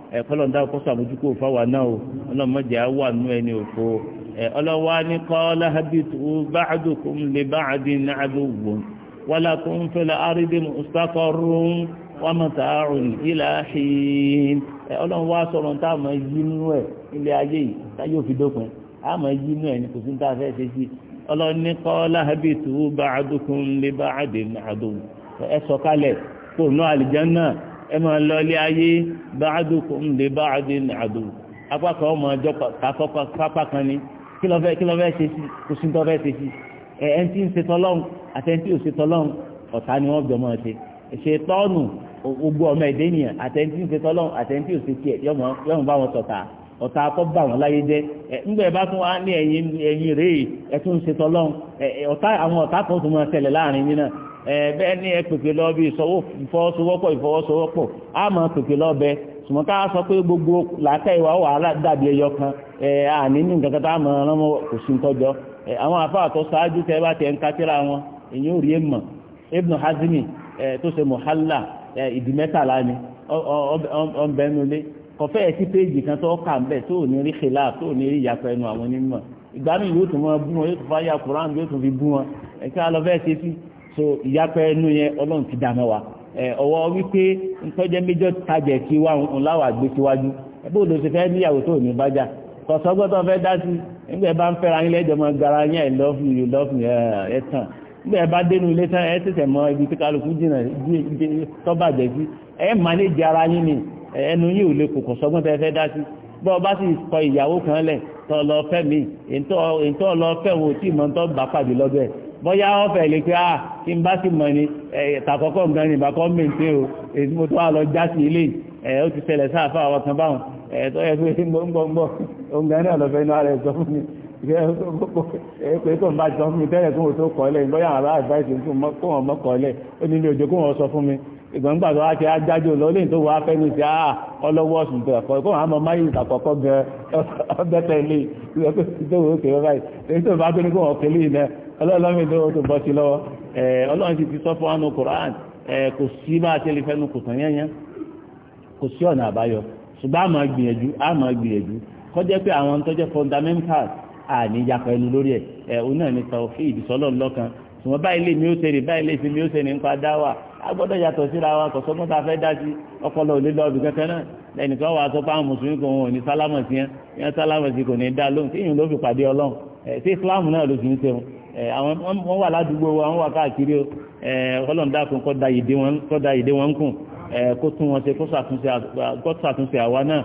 ẹ̀kọ́lọ́ndà kó sàmójúkò fáwa náà o ọlọ́mọdé á wà nú ẹni òfo ọlọ́wà ní qala habitu ba'dukum li ba'din aduwwun walakum fil ardi mustaqarrun wa mata'un ila hin ọlọ́run wá sọ̀rọ̀ tá a máa yí inú ẹ̀ ilé ayé yìí tá yóò fi dópin a máa yí inú ẹ̀ ní kò sí ní fẹ́ ṣe sí ọlọ́run ẹ máa lọ ilé ayé báàdù kò ń lè báàdù àdù apá kan ọmọ ọjọ́ pápá kan ni kí lọ fẹ́ kí lọ fẹ́ ṣe sí kò sí tọ́ fẹ́ ṣe sí ẹ ẹni tí ń ṣe tọ́lọ́hún àti ẹni tí ò ṣe tọ́lọ́hún ọ̀tá ni wọ́n jọ máa ṣe ṣe tọ́ọ̀nù gbogbo ọmọ ẹ̀dẹ́ nìyẹn àtẹ̀ntì ń ṣe tọ́lọ́hún àtẹ̀ntì ò ṣe tiẹ̀ yọ̀mọ̀ bá wọn tọ̀tà ọ̀tá akọ́ bá wọn láyé jẹ́ ẹ̀ ńgbẹ́ bá tún wá ní ẹ̀yìn rèé ẹ̀ ń ṣe tọ́lọ́hún ọ̀tá àwọn ọ̀tá kan tún máa tẹ̀lẹ̀ láàrin yín náà bẹ́ẹ̀ ni ẹ pèpè lọ bí ìfọwọ́sowọ́pọ̀ ìfọwọ́sowọ́pọ̀ a máa pèpè lọ bẹ ṣùgbọ́n ká sọ pé gbogbo làákà ìwà wàhálà dàbí ẹyọ kan àní ní nǹkan kan tá a mọ̀ ọ́n mọ́ kò sí nǹkọ́jọ́ àwọn àfáà tó ṣáájú tẹ́ bá tẹ̀ ń kátìrà wọn èyí ò rí èèmọ̀ Ibn Hazmi tó ṣe mọ̀hálà ìdí mẹ́tàlá ni ọ̀nbẹ́nulé kọfẹ́ ẹ̀ sí péjì kan tó kà ń bẹ̀ tó ò ní rí xìlá tó ò ní rí ìyàpọ̀ ẹnu àwọn onímọ̀ ìgbà mi yóò tún wọn bú wọn yóò tún fáyà Kùránì yóò tún fi bú wọn ẹ̀ka lọ bẹ́ẹ̀ ṣe sí so ìyapẹ́ ẹnu yẹn ọlọ́run ti wa ọwọ́ wípé ntọ́jẹ́ méjọ́ tajẹ̀ kí wá ńláwà gbé síwájú ẹbí òdo fẹ́ níyàwó tó ní kọ̀sọ́gbọ́tọ̀ fẹ́ dá sí bá ń gara i love you ẹ bá dénú ibi tí kálukú tọ́bàjẹ́ sí ẹ ara yín ni ẹnu yìí ò lè kò fẹ́ dá sí bọ́ ọba sì kan lẹ̀ tọ́ lọ fẹ́ bọ́yá ọ̀fẹ́ lè pé ah tí n bá sì mọ̀ ni ẹ̀ẹ́dàkọ́kọ́ nǹkan ní ìbákọ́ mẹ́ǹtẹ́ o èyí mo tó wà lọ já sí ilé ẹ̀ ó ti ṣẹlẹ̀ sáàfà àwọn kan báwọn ẹ̀ẹ́dọ́ yẹ pé gbọ́ngbọ́ngbọ́ nǹkan náà lọ́fẹ́ inú ara ẹ̀ sọ fún mi pé tó ń bá sọ fún mi tẹ́lẹ̀ kó o tó kọ́ lẹ̀ bọ́yá àwọn advice kó wọn mọ́ kọ́ lẹ̀ ó ní ilé òjò kó wọn sọ fún mi ìgbọ̀ngbà tó wá ti ajájò lọ lẹ́yìn tó ah, ẹ̀kọ́ kó wọn á ìtàkọ́kọ́ gan ọbẹ̀ tẹ̀lé ìwé tó wọ́n kéré báyìí èyí bá tó ní kó wọn kéré yìí ọlọ́ọ̀lọ́mí tó tó bọ́ sí lọ́wọ́ ọlọ́run ti ti sọ fún ánú koran kò sí bá a ṣe lè fẹ́nu kò tàn yẹnyẹn kò sí ọ̀nà àbáyọ ṣùgbọ́n àmọ́ gbìyànjú àmọ́ gbìyànjú kọjẹ́ pé àwọn tó jẹ́ fundamentals àníjà pẹ̀lú lórí ẹ̀ òun náà ní tawhid lọ́kan ṣùgbọ́n báyìí lè mi ó ṣeré báyìí lè fi mi ó ṣe nípa dáwà wa kọ̀sọ́ mọ́ta fẹ́ dá sí ọpọlọ òlé lọ́ọ̀bì kankan náà lẹ́nìkan wà sọ pé àwọn mùsùlùmí kò wọn ò ní sálámọ̀ sí yẹn yẹn sálámọ̀ sí kò ní dá lóhùn náà ló fi ń ṣe Eh, àwọn wọn wà ládùúgbò wa wọn wà káàkiri eh, ọlọ́run dákun kó da ìdè wọn kùn eh, kó tún wọn ṣe kó ṣàtúnṣe àwa náà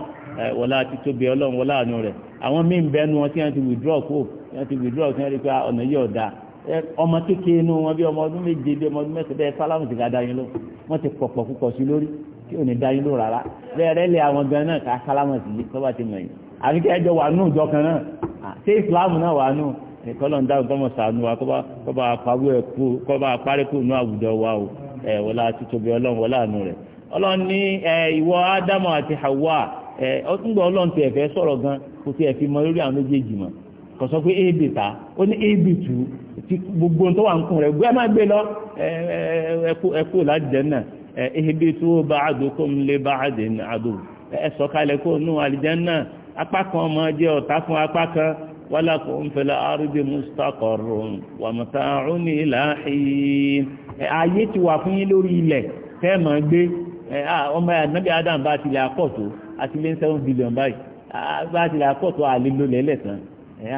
wọlá ti tóbi ọlọ́run wọlá àánú rẹ̀ àwọn míì ń bẹ́nu wọn tí wọ́n ti withdraw kó wọ́n ti withdraw kí wọ́n rí pé ah, ọ̀nà yìí ọ̀dà ọmọ kékeré inú wọn bí ọmọ ọdún méje bí ọmọ ọdún mẹ́sàn-án bẹ́ẹ̀ sálámù ti ga dayin ló wọ́n ti pọ̀pọ̀ púpọ̀ sí lórí tí ò ní dayin ló rárá bẹ́ẹ̀ rẹ́ lé àwọn gan náà ká sálámù sí tọ́ba ti mọ̀ yìí àbíkẹ́ ẹjọ́ wà nù ìjọ kan náà ah, ṣé ìsìlámù náà wà nù kọ́lọ̀ ń dá gbọ́mọ̀ sànù wa kọ́ bá pariwo ẹ̀ kú kọ́ bá pariwo àwùjọ wa o ẹ̀ wọlé àti ọlọ́run àánú rẹ̀ ọlọ́run ní ìwọ ádámù àti hawa ẹ̀ ọlọ́run sọ̀rọ̀ gan kò tiẹ̀ fi mọ lórí àwọn méjèèjì kò sọ pé éèbì ta ó ní éèbì tù ti gbogbo tó wà ń kún rẹ̀ gbé gbé lọ ẹ kú náà ولكم في الأرض mustaqarrun wa إلى ila hin ayé ti wà fún yín lórí ilẹ̀ tẹ́ mọ̀ gbé ọmọ ànábì adam bá tilẹ̀ akọ́tò àti lé seven billion báyìí bá tilẹ̀ akọ́tò àlelo lẹ́lẹ̀ tán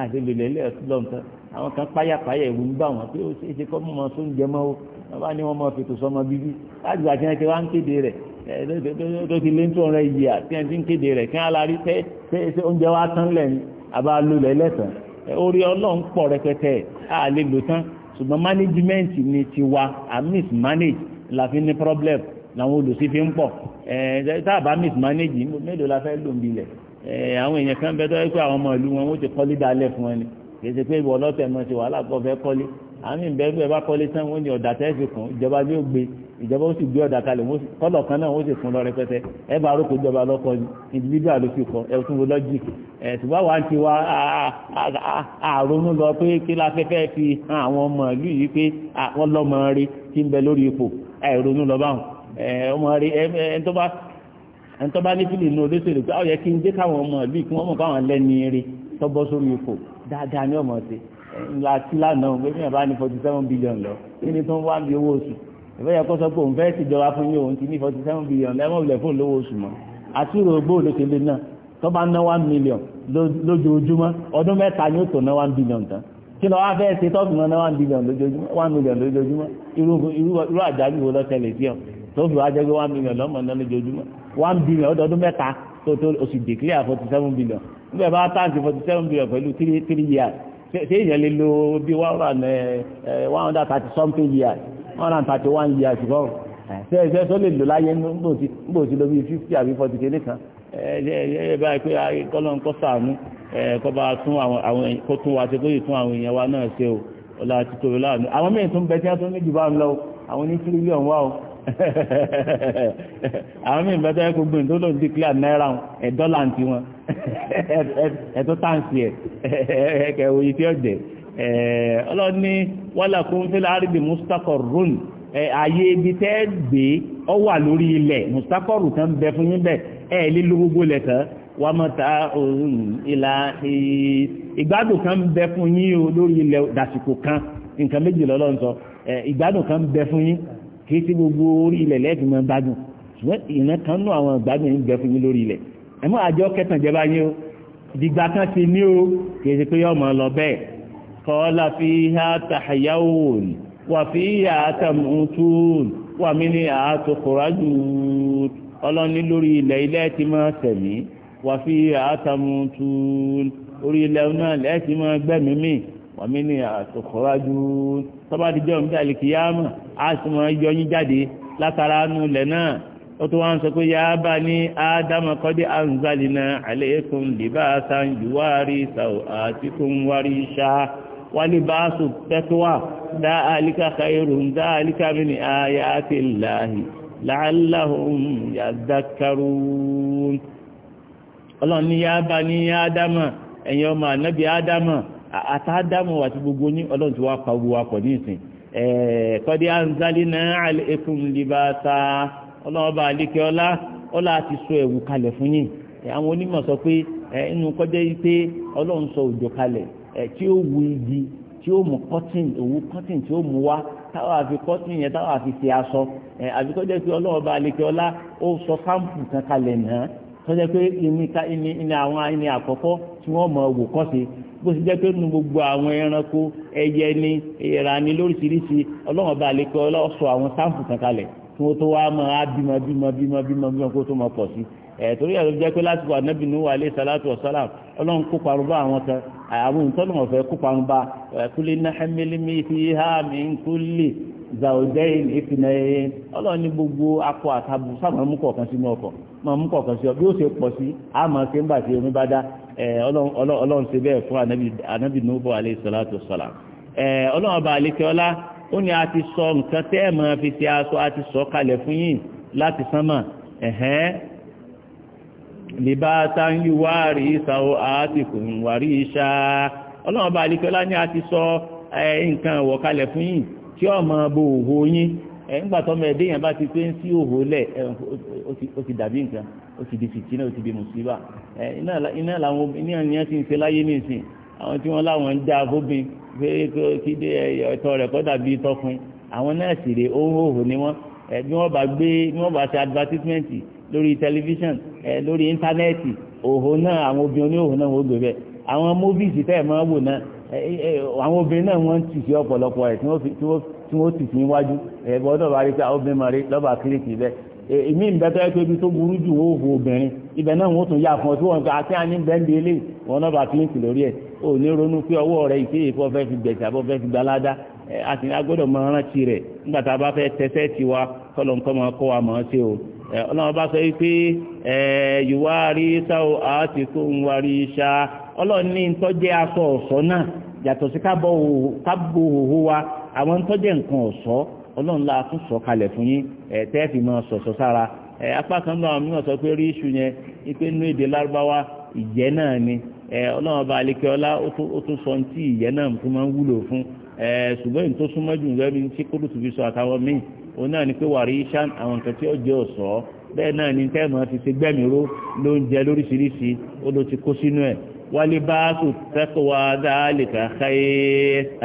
àlelo lẹ́lẹ̀ ọ̀túnlọ́m tán àwọn kan páyàpáyà ìwé ń bá wọn pé ó ṣeé ṣe kọ́ mọ́ tó ń jẹ mọ́ o wọ́n bá ní wọ́n mọ́ fètò sọmọ bíbí láti gbà tí wọ́n ti wá ń kéde rẹ̀ tó ti lé tó rẹ̀ yìí àti ẹni tí ń kéde rẹ̀ kí wọ́n á àbá lulẹ̀ lẹ́sàn orí ọlọ́run pọ̀ rẹpẹtẹ a lè lò tán ṣùgbọ́n management ni tiwa a mismanage la fi ní problem làwọn olùsí fi ń pọ̀ tá a bá mismanage mélòó la fẹ́ lò ń bilẹ̀ àwọn èèyàn kan bẹ́ẹ̀ tó yẹ pé àwọn ọmọ ìlú wọn wọ́n ti kọ́lé dalẹ̀ fún wọn ni kèsì pé ìwọ ọlọ́tẹ̀ mọ̀ sí wàhálà kọ́ fẹ́ kọ́lé àmì ìbẹ́ẹ̀ bá kọ́lé tán wọ́n ní ọ̀dà tẹ́sí kan ìjọba yóò gbé ìjọba ó sì gbé ọ̀dà kalẹ̀ kọ́lọ̀ kan náà wọ́n sì fún lọ rẹpẹtẹ ẹ bá arókò ìjọba lọ́kọ ni individual ló fi kọ ẹ tún wo logic ẹ ṣùgbọ́n wa ti wá àrònú lọ pé kí la fẹ́ fẹ́ fi hàn àwọn ọmọ ìlú yìí pé wọ́n lọ́mọ rí tí ń bẹ lórí ipò àìrònú lọ báwọn ọmọ rí ẹni tó bá ní fílì inú olóṣèlú pé ó yẹ kí n dé káwọn ọmọ ìlú kí wọ́n mọ̀ káwọn lẹ́ni rí tọ́bọ́ sórí ipò dáadáa ní ọmọ ti ńlá tí lánàá gbẹ́mí ẹ̀ bá ní forty seven billion lọ kí ni tó ń wá bí owó oṣù ìfẹ́ yẹ kó sọ pé òun fẹ́ ti jọba fún yín òun ti ní forty seven billion lẹ́wọ̀n ilẹ̀ fún lówó oṣù mọ́ àtúrò ogbó olókèlè náà tó bá ná one million lójoojúmọ́ ọdún mẹ́ta ni ó tó ná one billion tán kí lọ wá fẹ́ ṣe tọ́sí mọ́ ná one billion lójoojúmọ́ one million lójoojúmọ́ irú irú àjálù wo lọ́tẹ̀lẹ̀ sí ọ tó fi wá jẹ́ pé one million lọ́mọ ná lójoojúmọ́ one billion ọdún mẹ́ta tó tó oṣù declare forty seven billion nígbà bá táǹkì forty seven billion pẹ̀lú three three years ṣé ìyẹn lè lo bí one hundred and eh, eh, thirty something years one hundred thirty one years ago ṣe ṣe tó lè lò láyé nígbò tí lóbi fifty àbí forty kéde kan ẹ báyìí pé kọ́lọ́n kọ́ sàánú kọ́ bá tún àwọn kó tún wa ṣe kó yìí tún àwọn èèyàn wa náà ṣe o ọ̀la ti tòrò láàánú àwọn mẹ́rin tún bẹ tí wọ́n tún méjì bá ń lọ àwọn ní tírílíọ̀n wá o àwọn mí ìbẹ́tọ́ ẹ̀kọ́ gbìn tó lòun declare náírà ẹ̀ dọ́là ti wọn ẹ̀ tó tàǹsì ẹ̀ ẹ̀kẹ́ òye tí ọ̀jẹ̀ Eh, ọlọ́ni walakum fil ardi mustaqarrun eh, ààyè ibi tẹ́ gbé ọ wà lórí ilẹ̀ mustaqarru kan bẹ fún yín bẹ ẹ lílo gbogbo ilẹ̀ kan wà mọ́ta òun ìlà ìgbádùn kan bẹ fún yín lórí ilẹ̀ dàsìkò kan nǹkan méjì lọ́lọ́ ń sọ eh, ìgbádùn kan bẹ fún yín kì í sí gbogbo orí ilẹ̀ lẹ́ẹ̀fì máa gbádùn ṣùgbọ́n ìran kan nú àwọn ìgbádùn yín bẹ fún yín lórí ilẹ̀ ẹ̀mú àjọ kẹtànjẹba yín o ìdìgbà kan ti ní o kì í ṣe pé yọ̀ọ́ lọ bẹ́ẹ̀ قال فيها تحيون وفيها تموتون ومنها تخرجون ọlọ́run ní lórí ilẹ̀ ilẹ̀ ti máa sẹ̀mí وفيها تموتون orí ilẹ̀ náà lẹ́ẹ̀tì máa gbẹ̀mí mì ومنها تخرجون tọ́bádìjọ́ ìmúdàlì kìyàmù á sì máa yọ yín jáde látara nù lẹ̀ náà ó tó wá ń sọ pé ya bani ádámà kọ́dí anzalina alaykum libasan yuwari sawatikum warisha ولباس التقوى ذلك خير ذلك من آيات الله لعلهم يذكرون الله ya bá ní ya ádámà ẹ̀yin ọmọ ànábì ádámà àtàdámà wà tí gbogbo ní ọlọ́run ti wá pa gbogbo ní ìsìn náà libasa ọlá ti sọ ẹ̀wù kalẹ̀ fún àwọn onímọ̀ sọ pé ẹ̀ tí ó wu igi tí ó mú cotton òwú cotton tí ó mú wá táwọn àfi cotton yẹn táwọn àfi ṣe aṣọ ẹ̀ àfi kọjá pé ọlọ́run bá lè kí ọlá ó sọ sáǹpù kan kalẹ̀ náà tọ́jà pé ìní ká ìní ìní àwọn ìní àkọ́kọ́ tí wọ́n mọ wò kọ́ sí bó ti jẹ́ pé nu gbogbo àwọn ẹranko ẹyẹ ni ìra ni lóríṣiríṣi ọlọ́run bá lè kí ọlá sọ àwọn sáǹpù kan kalẹ̀ tí wọ́n tó wá máa bímọ bímọ bímọ bímọ kó tó mọ pọ̀ sí ẹ̀ torí ẹ̀ ló jẹ́ pé lásìkò ànábì Nuhu ọlọ́run kó parun bá àwọn kan àwọn ìtọ́nù ọ̀fẹ́ kó parun bá ẹ̀kúlé fi há mi ń kú lè ìfìnà ọlọ́run ní gbogbo akọ àtàbù mú kọ̀ọ̀kan ọkọ̀ máa mú kọ̀ọ̀kan ọ bí ó ṣe pọ̀ sí a máa ṣe ń bà tí omi bá dá ọlọ́run ṣe bẹ́ẹ̀ fún anábì nùbọ̀ alẹ́ sọ́láàtò ọba ó ní libata ń yí wá rí ìsàwọ̀ àátìkùn wà rí ìṣá ọlọ́run bá alikọ́lá ní a ti sọ nǹkan ìwọ̀kalẹ̀ fún yìí tí ọmọ bo òhò yín nígbà tọ́mọ ẹ̀dẹ́ yẹn bá ti pé ń sí òhò lẹ̀ ó ti dàbí nǹkan ó ti di fìtínà ó ti di mùsíbà iná làwọn ènìyàn ti ń ṣe láyé nìsín àwọn tí wọ́n láwọn ń dá fóbin pé kí ẹ̀tọ́ rẹ̀ kọ́ lórí tẹlifíṣàn ẹ lórí íńtánẹ́ẹ̀tì òhò náà àwọn obìnrin oníhòhò náà wọ́n gbé bẹ́ẹ̀ àwọn móvìsì tẹ́ ẹ̀ máa wò náà àwọn obìnrin náà wọ́n tì sí ọ̀pọ̀lọpọ̀ ẹ̀ tí wọ́n tì sí iwájú ẹ̀ gbọ́dọ̀ bá rí pé àwọn obìnrin máa rí lọ́ba kíríkì bẹ́ẹ̀ èmi ń bẹ́tọ́ ẹ́ pé ibi tó burú jù wọ́n hò obìnrin ibẹ̀ náà wọ́n tún yà fún ọ tí wọ́n gba àti àní bẹ́ńbì eléyìí wọn náà bá kíríkì lórí ẹ̀ ò ní ronú pé ọwọ́ rẹ ìkéyè fọ́ fẹ́ fi gbẹ̀sẹ̀ àbọ̀ fẹ́ fi gbalada àti agbọ́dọ̀ mọ rántí rẹ̀ nígbà tá a bá fẹ́ tẹsẹ́ tiwa kọ́lọ́ńkọ́ máa kọ́ wa mọ̀ ṣe o ọlọ́run bá sọ wípé ìwà rí sáwọ́ àti kó ń wárí ṣá ọlọ́run ní ntọ́jẹ́ aṣọ ọ̀ṣọ́ náà yàtọ̀ sí kábọ̀ òhò wa àwọn ntọ́jẹ́ nǹkan ọ̀ṣọ́ ọlọ́run la tún sọ kalẹ̀ fún yín tẹ́ẹ̀fì máa sọ̀sọ̀ sára apá kan náà mìíràn sọ pé rí iṣu yẹn wípé èdè lárúbáwá ìjẹ́ náà ni ọlọ́run ọba ọlá ó tún sọ ti ìyẹn náà tó máa ń wúlò fún ṣùgbọ́n fi sọ òun náà ni pé wàrí ṣán àwọn nǹkan tí ó jẹ́ ọ̀ṣọ́ bẹ́ẹ̀ náà ni tẹ́ẹ̀mọ́ ti ti gbẹ́mìíró ló ń jẹ lóríṣiríṣi ó ló ti kó sínú ẹ̀ wálé bá kò tẹ́kọ̀ wá dáálì ká xẹ́yé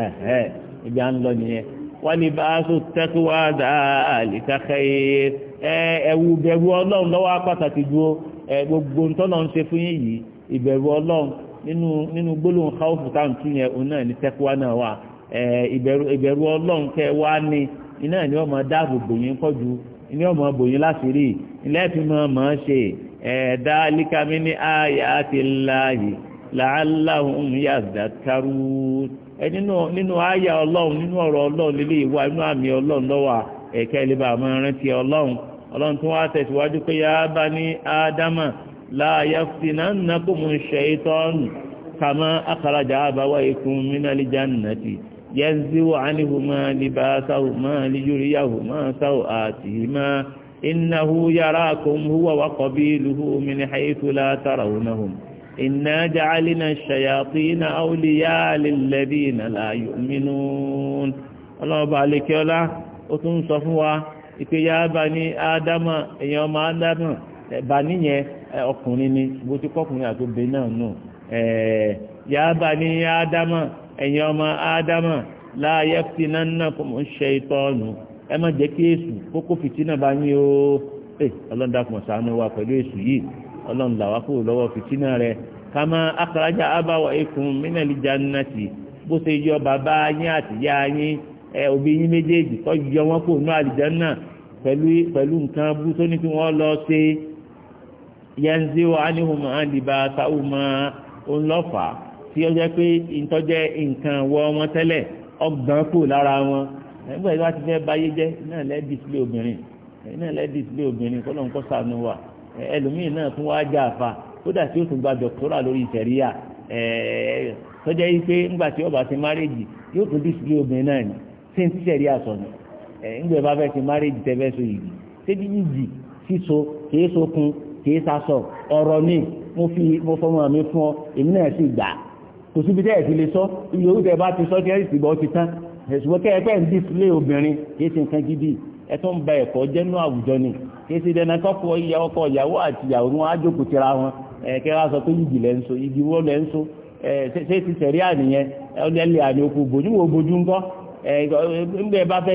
ẹ̀hẹ́ ibi à ń lọ nìyẹn wálé bá kò tẹ́kọ̀ wá dáálì ká xẹ́yé ẹ ẹ̀wù bẹ̀rù ọlọ́run lọ́wọ́ pàtàkì dúró ẹ gbogbo ntọ́nà ń ṣe fún yín yìí ìbẹ̀rù ọlọ́run nínú nínú gbólóhùn káwọ́fù táwọn tún yẹn òun náà ní tẹ́kọ̀ wá náà wà ẹ ìbẹ̀rù ọlọ́run kẹ́ wá ní iná ni ọmọ dáàbò ni láti rí ilẹ̀fin mọ́ mọ́ ṣe ẹ̀ẹ́dá líkàmí ní ayatillahi la'allahum yadhakkarun ẹ nínú àyà ọlọ́run nínú ọ̀rọ̀ ọlọ́run lílé ìwà inú àmì ọlọ́run lọ́wọ́ ẹ̀kẹ́ ìlébà máa rántí ọlọ́run ọlọ́run tó wá tẹ̀síwájú pé bá ní ádámà kama ينزو عنهما لباسهما ليريهما سوآتهما إنه يراكم هو وقبيله من حيث لا ترونهم إنا جعلنا الشياطين أولياء للذين لا يؤمنون الله بالك يولا وتنصفوا ìpé ya bá ní ádámà èèyàn ọmọ ádámà bá níyẹn ọkùnrin ni bó ti kọkùnrin àtòbẹ náà nù ẹ̀ẹ́ ya bá ní ádámà ẹ̀yin ọmọ ádámà láàyè fi náà náà kò mọ̀ ṣe ẹ bá o ẹ ọlọ́run dákun wa pẹ̀lú èṣù yìí ọlọ́run kúrò lọ́wọ́ rẹ kama akarajà abáwọ̀ ikùn mínàlì jannati bó ṣe yọ bàbá yín yín ẹ òbí yín méjèèjì kọ́ yọ wọn àlìjánná pẹ̀lú nǹkan bú tó ní kí tí ó jẹ́ pé ìtọ́jẹ́ nǹkan wọ wọn tẹ́lẹ̀ ọgbọ̀n kù lára wọn nígbà tí wọ́n ti fẹ́ báyé jẹ́ náà lẹ́ display obìnrin náà lẹ́ display obìnrin kọ́ ló ń kọ́ sànù wa ẹlòmíì náà tún wá jà fa kódà tí ó tún gba dọ̀kítọ́rà lórí ìtẹ̀ríyà tọ́jẹ́ yìí pé ńgbà tí ọba ti márèjì yóò tún display obìnrin náà ni ṣé ń tíṣẹ̀rí àsọ̀nù ńgbà bá fẹ́ ti márèjì tẹ́fẹ́ so yìí ṣé bí yìí síso kìí sokun kìí sasọ ọ̀rọ̀ ni mo fi mo fọmọ mi fún ọ èmi náà sì gbà á kò síbi tẹ́ ẹ̀ ti lè sọ iye owó tẹ́ bá ti sọ jẹ́ ìsìgbọ́ ti tán ẹ̀sùnwó kẹ́ ẹ pẹ́ ń dísílé obìnrin kì í ti nǹkan gidi ẹ tó ń ba ẹ̀kọ́ jẹ́nu àwùjọ ni kì í ti dẹ́nà kọ́kọ́ ìyá ọkọ ìyàwó àti ìyàwó wọn á jókòó tira wọn ẹ̀kẹ́ wa sọ pé yìgì lẹ́ ń so igi wọ́ lẹ́ ń so ṣé ti tẹ̀rí àníyẹn ọlẹ́lẹ́ àní okú bojú wo bojú ńkọ́ ńgbẹ́ bá fẹ́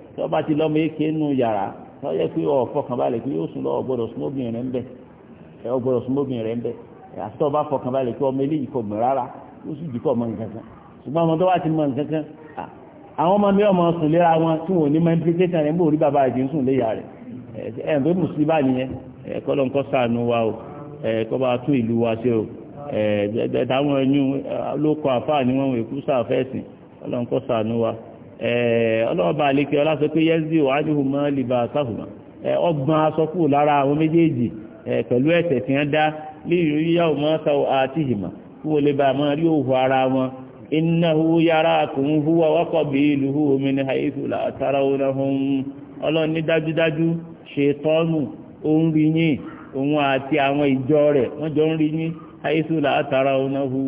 tó bá ti lọ́mọ èké nù yàrá tó yẹ pé ọ̀ fọkànbalẹ̀ pé yóò sùn lọ ọ̀gbọ́dọ̀ súnmọ́bìnrin rẹ̀ ń bẹ̀ ẹ̀ ọ̀gbọ́dọ̀ súnmọ́bìnrin rẹ̀ ń bẹ̀ àti tó bá fọkànbalẹ̀ pé ọmọ eléyìí kò gbìn rárá ó sì jùkọ̀ mọ nǹkan kan ṣùgbọ́n ọmọ tó wá ti mọ nǹkan kan àwọn ọmọ mi ọmọ sùn léra wọn tí wọn ò ní mọ implication rẹ̀ ń bò rí bàbá rẹ̀ ń sùn léyà rẹ̀ ẹ̀ ẹ̀ mùsùlùmí nìyẹn ẹ̀kọ́ kọ́ Eh, ọlọ́ọ̀bà àlekè ọlá sọ pé yẹ́sì wàájú mọ́ libà sáfùmá eh, ọgbọ́n aṣọ lára àwọn méjèèjì eh, pẹ̀lú ẹ̀sẹ̀ tí wọ́n dá lílu yíyáwó mọ́ sáwọ́ àti ìhìmà mọ́ rí ara wọn iná hu yàrá kùn hu wọ́kọ̀ bí ìlú hu omi ní haifu látara ọ̀nà òun rí yín òun àti àwọn ìjọ rẹ̀ wọ́n rí yín haifu wọn hu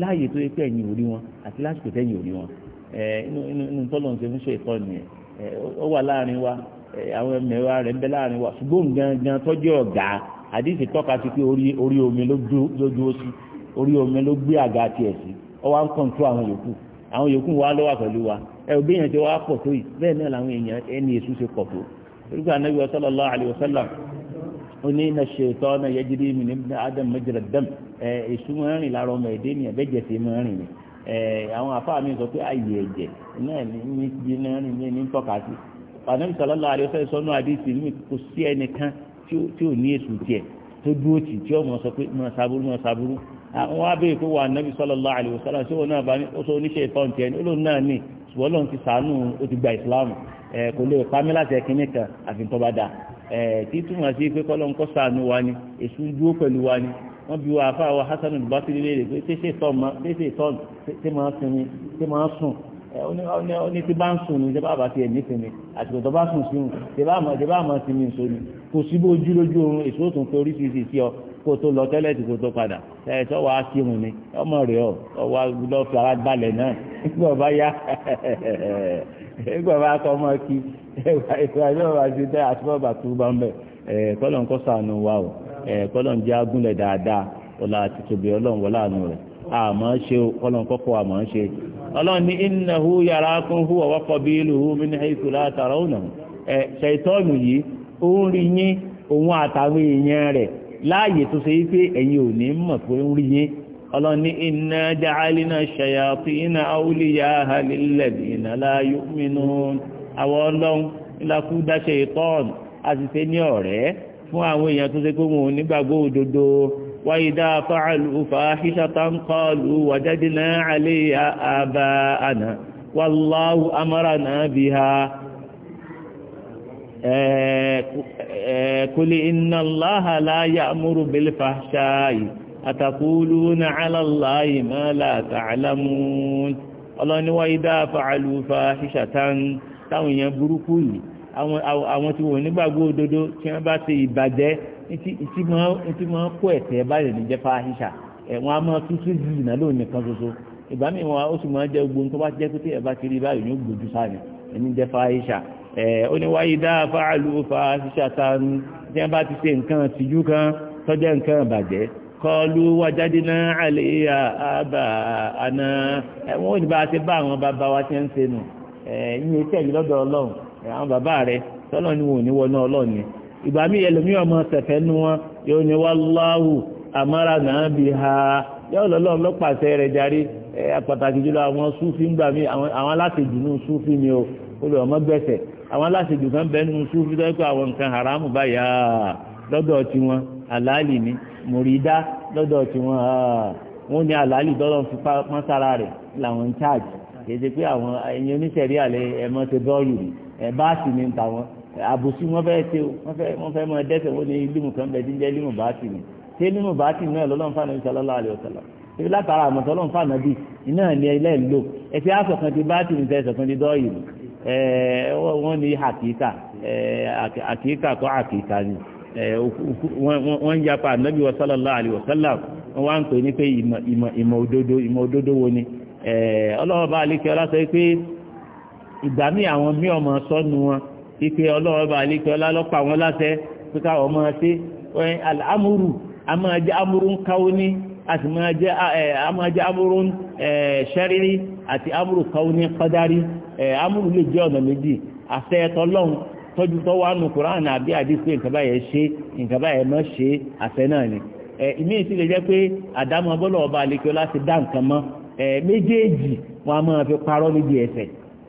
láàyè tó yẹ inú tọ́lọ̀ ń ṣe fún ṣe ìtọ́ ó wà láàrin wa àwọn rẹ̀ ń bẹ láàrin wa ṣùgbọ́n gangan tọ́jú ọ̀gá àdìsí tọ́ka sí pé orí omi ló dúró sí orí omi ló gbé àga tiẹ̀ sí ọ wá ń àwọn yòókù àwọn yòókù wa lọ́wọ́ pẹ̀lú wa ẹ ò pọ̀ tó yìí bẹ́ẹ̀ náà làwọn èèyàn ẹni èṣù ṣe pọ̀ tó iná ṣe mi ní adam èṣù àwọn àfáà mi sọ pé ààyè ẹ̀jẹ̀ náà ní ti náà ní ní tọ́ka sí pàdánù sàlọ́lá àríọ́fẹ́ sọ́nù àdìsí mi kò sí ẹnìkan tí ò ní èsù tiẹ̀ tó dúró tì tí ọmọ sọ pé mọ sábúrú mọ sábúrú àwọn abẹ́rẹ́ tó wà nábì sallallahu alaihi wasallam ṣé wọn náà bá ní ó sọ oníṣẹ́ ìtọ́ nìkẹ́ ní olóòórùn náà ní ṣùgbọ́n lóun ti sàánú ó ti gba ìsìláàmù ẹ̀ kò lè pa mí láti ẹ̀kíní kan àfi tó bá dà ẹ̀ tí túmọ̀ sí pé kọ́lọ́n kọ́ sàánú wa ni èṣù dúró pẹ̀lú wa ni wọ́n bí wọ́n afá wa hasan al-basri léèrè pé tẹ́sẹ̀ tọ́n tẹ́ máa sinmi tẹ́ máa sùn ní tí bá ń sùn ní tẹ́bá bá ti ẹ̀ nífẹ̀ẹ́ mi àti tọ́ bá sùn sínú tẹ́bá máa sinmi nìṣó ni kò sí bó ojú lójú oorun èso tó ń pe oríṣiríṣi sí ọ kó tó lọ tẹ́lẹ̀tì kó tó padà ẹ̀ tọ́ wàá kírun ni ọmọ rẹ̀ ọ ọwọ́ lọ́ọ́ fi ara balẹ̀ náà nígbà bá yá nígbà bá kọ́ ọmọ kí ìgbà yóò wá sí tẹ́ àtúbọ̀bà tó bá ń bẹ̀ kọ́lọ̀ ń kọ́ sànù wa o. kọ́lọ̀ ń jẹ́ agúnlẹ̀ dáadáa ọ̀la àti tòbí ọlọ́run wọlé àánú rẹ̀ ṣe kọ́lọ̀ kọ́kọ́ àmọ́ ṣe ọlọ́run ní innahu yarakum huwa wa qabiluhu min haythu la tarawnahum ẹ ṣètọ́nù yìí ó rí yín òun àtàwọn èèyàn rẹ̀ láàyè tó ṣe wípé ẹ̀yin ò ní mọ̀ pé ń rí yín ọlọ́run ní fún àwọn èèyàn tó ṣe pé wọn ò nígbàgbọ́ òdodo wa idha fa'alu fahishatan qalu wajadna 'alayha aba'ana wallahu amarana biha kuli inna allaha la ya'muru bil fahsha'i atakuluna 'ala allahi ma la ta'lamun ọlọ́ni táwọn èèyàn burúkú yìí àwọn tí wọ́n nígbàgbọ́ òdodo tí wọ́n bá ṣe ìbàjẹ́ ntí wọ́n kó ẹ̀tẹ́ báyìí ní jẹ́fà àṣìṣà ẹ̀wọ̀n a máa tún sí jù náà lónìí nìkan ṣoṣo ìgbà míì wọn ó sì máa jẹ́ gbogbo tó bá jẹ́ pété ẹ̀ bá ti rí báyìí yóò gbójú sáàyè ẹni jẹ́fà àṣìṣà ẹ̀ ó ní wáyé dá fáàlù fa àṣìṣà tanu tí wọ́n bá ti ṣe nǹkan tìjú kan tọ́jẹ́ nǹkan ìbàjẹ́ kọlu wájádínà àlèyà àbà àná ẹ̀wọ̀n ò ní bá ti bá àwọn bàbá wa ti ń ṣe nù ẹ̀yìn tẹ̀lé lọ́dọ̀ ọlọ́run àwọn bàbá rẹ̀ tọ́lọ̀ ni wọn ò ní wọnú ọlọ́ni ìgbà míì ẹlòmíì ọmọ tẹ̀fẹ́ nu wọn yóò ní wàláhù àmọ́ra náà bí ha yóò lọ́lọ́ lọ́pàṣẹ rẹ̀ jarí pàtàkì jùlọ àwọn súfì ń gbà mí àwọn o gbẹ̀sẹ̀ àwọn kan nù súfì àwọn nǹkan haramu báyà lọ́dọ̀ àlàálì ni mùrídá lọ́dọ̀ wọn ni àlàálì fi rẹ̀ làwọn ń kì í ẹ̀ báàsì ni ń ta wọn àbòsí wọn fẹ́ ṣe wọn fẹ́ wọn fẹ́ mọ ẹ wọn ní límù kan bẹ jíjẹ́ límù báàsì ni ṣé límù báàsì náà lọ́lọ́run fàánà bíi ṣé látara iná ni ẹ lẹ́ẹ̀ lò ẹ ti aṣọ kan ti báàsì ni kan ti dọ́ọ̀yì ni wọ́n ní àkíkà ni yapa ànábì ìgbà míì àwọn míì ọmọ sọnù wọn ìpè ọlọ́run bá lè pe ọlá lọ́pọ̀ àwọn láṣẹ pé káwọn ọmọ ṣe ẹ amúrù a máa jẹ́ amúrù ń káwó ní a sì máa jẹ́ a máa jẹ́ amúrù ń ṣẹ́rírí àti amúrù káwó ní kọ́dárí amúrù lè jẹ́ ọ̀nà méjì àṣẹ tọlọ́run tọ́jú tó wà nù kúránì àbí àdìsí nǹkan báyẹn ṣe nǹkan báyẹn mọ́ ṣe àṣẹ náà ni ìmí ìsì lè jẹ́ pé àdámọ́ bọ́lọ̀ ọba àlekí ọlá ti dá nǹkan mọ́ méjèèjì wọn a máa fi parọ́ níbi ẹ̀sẹ̀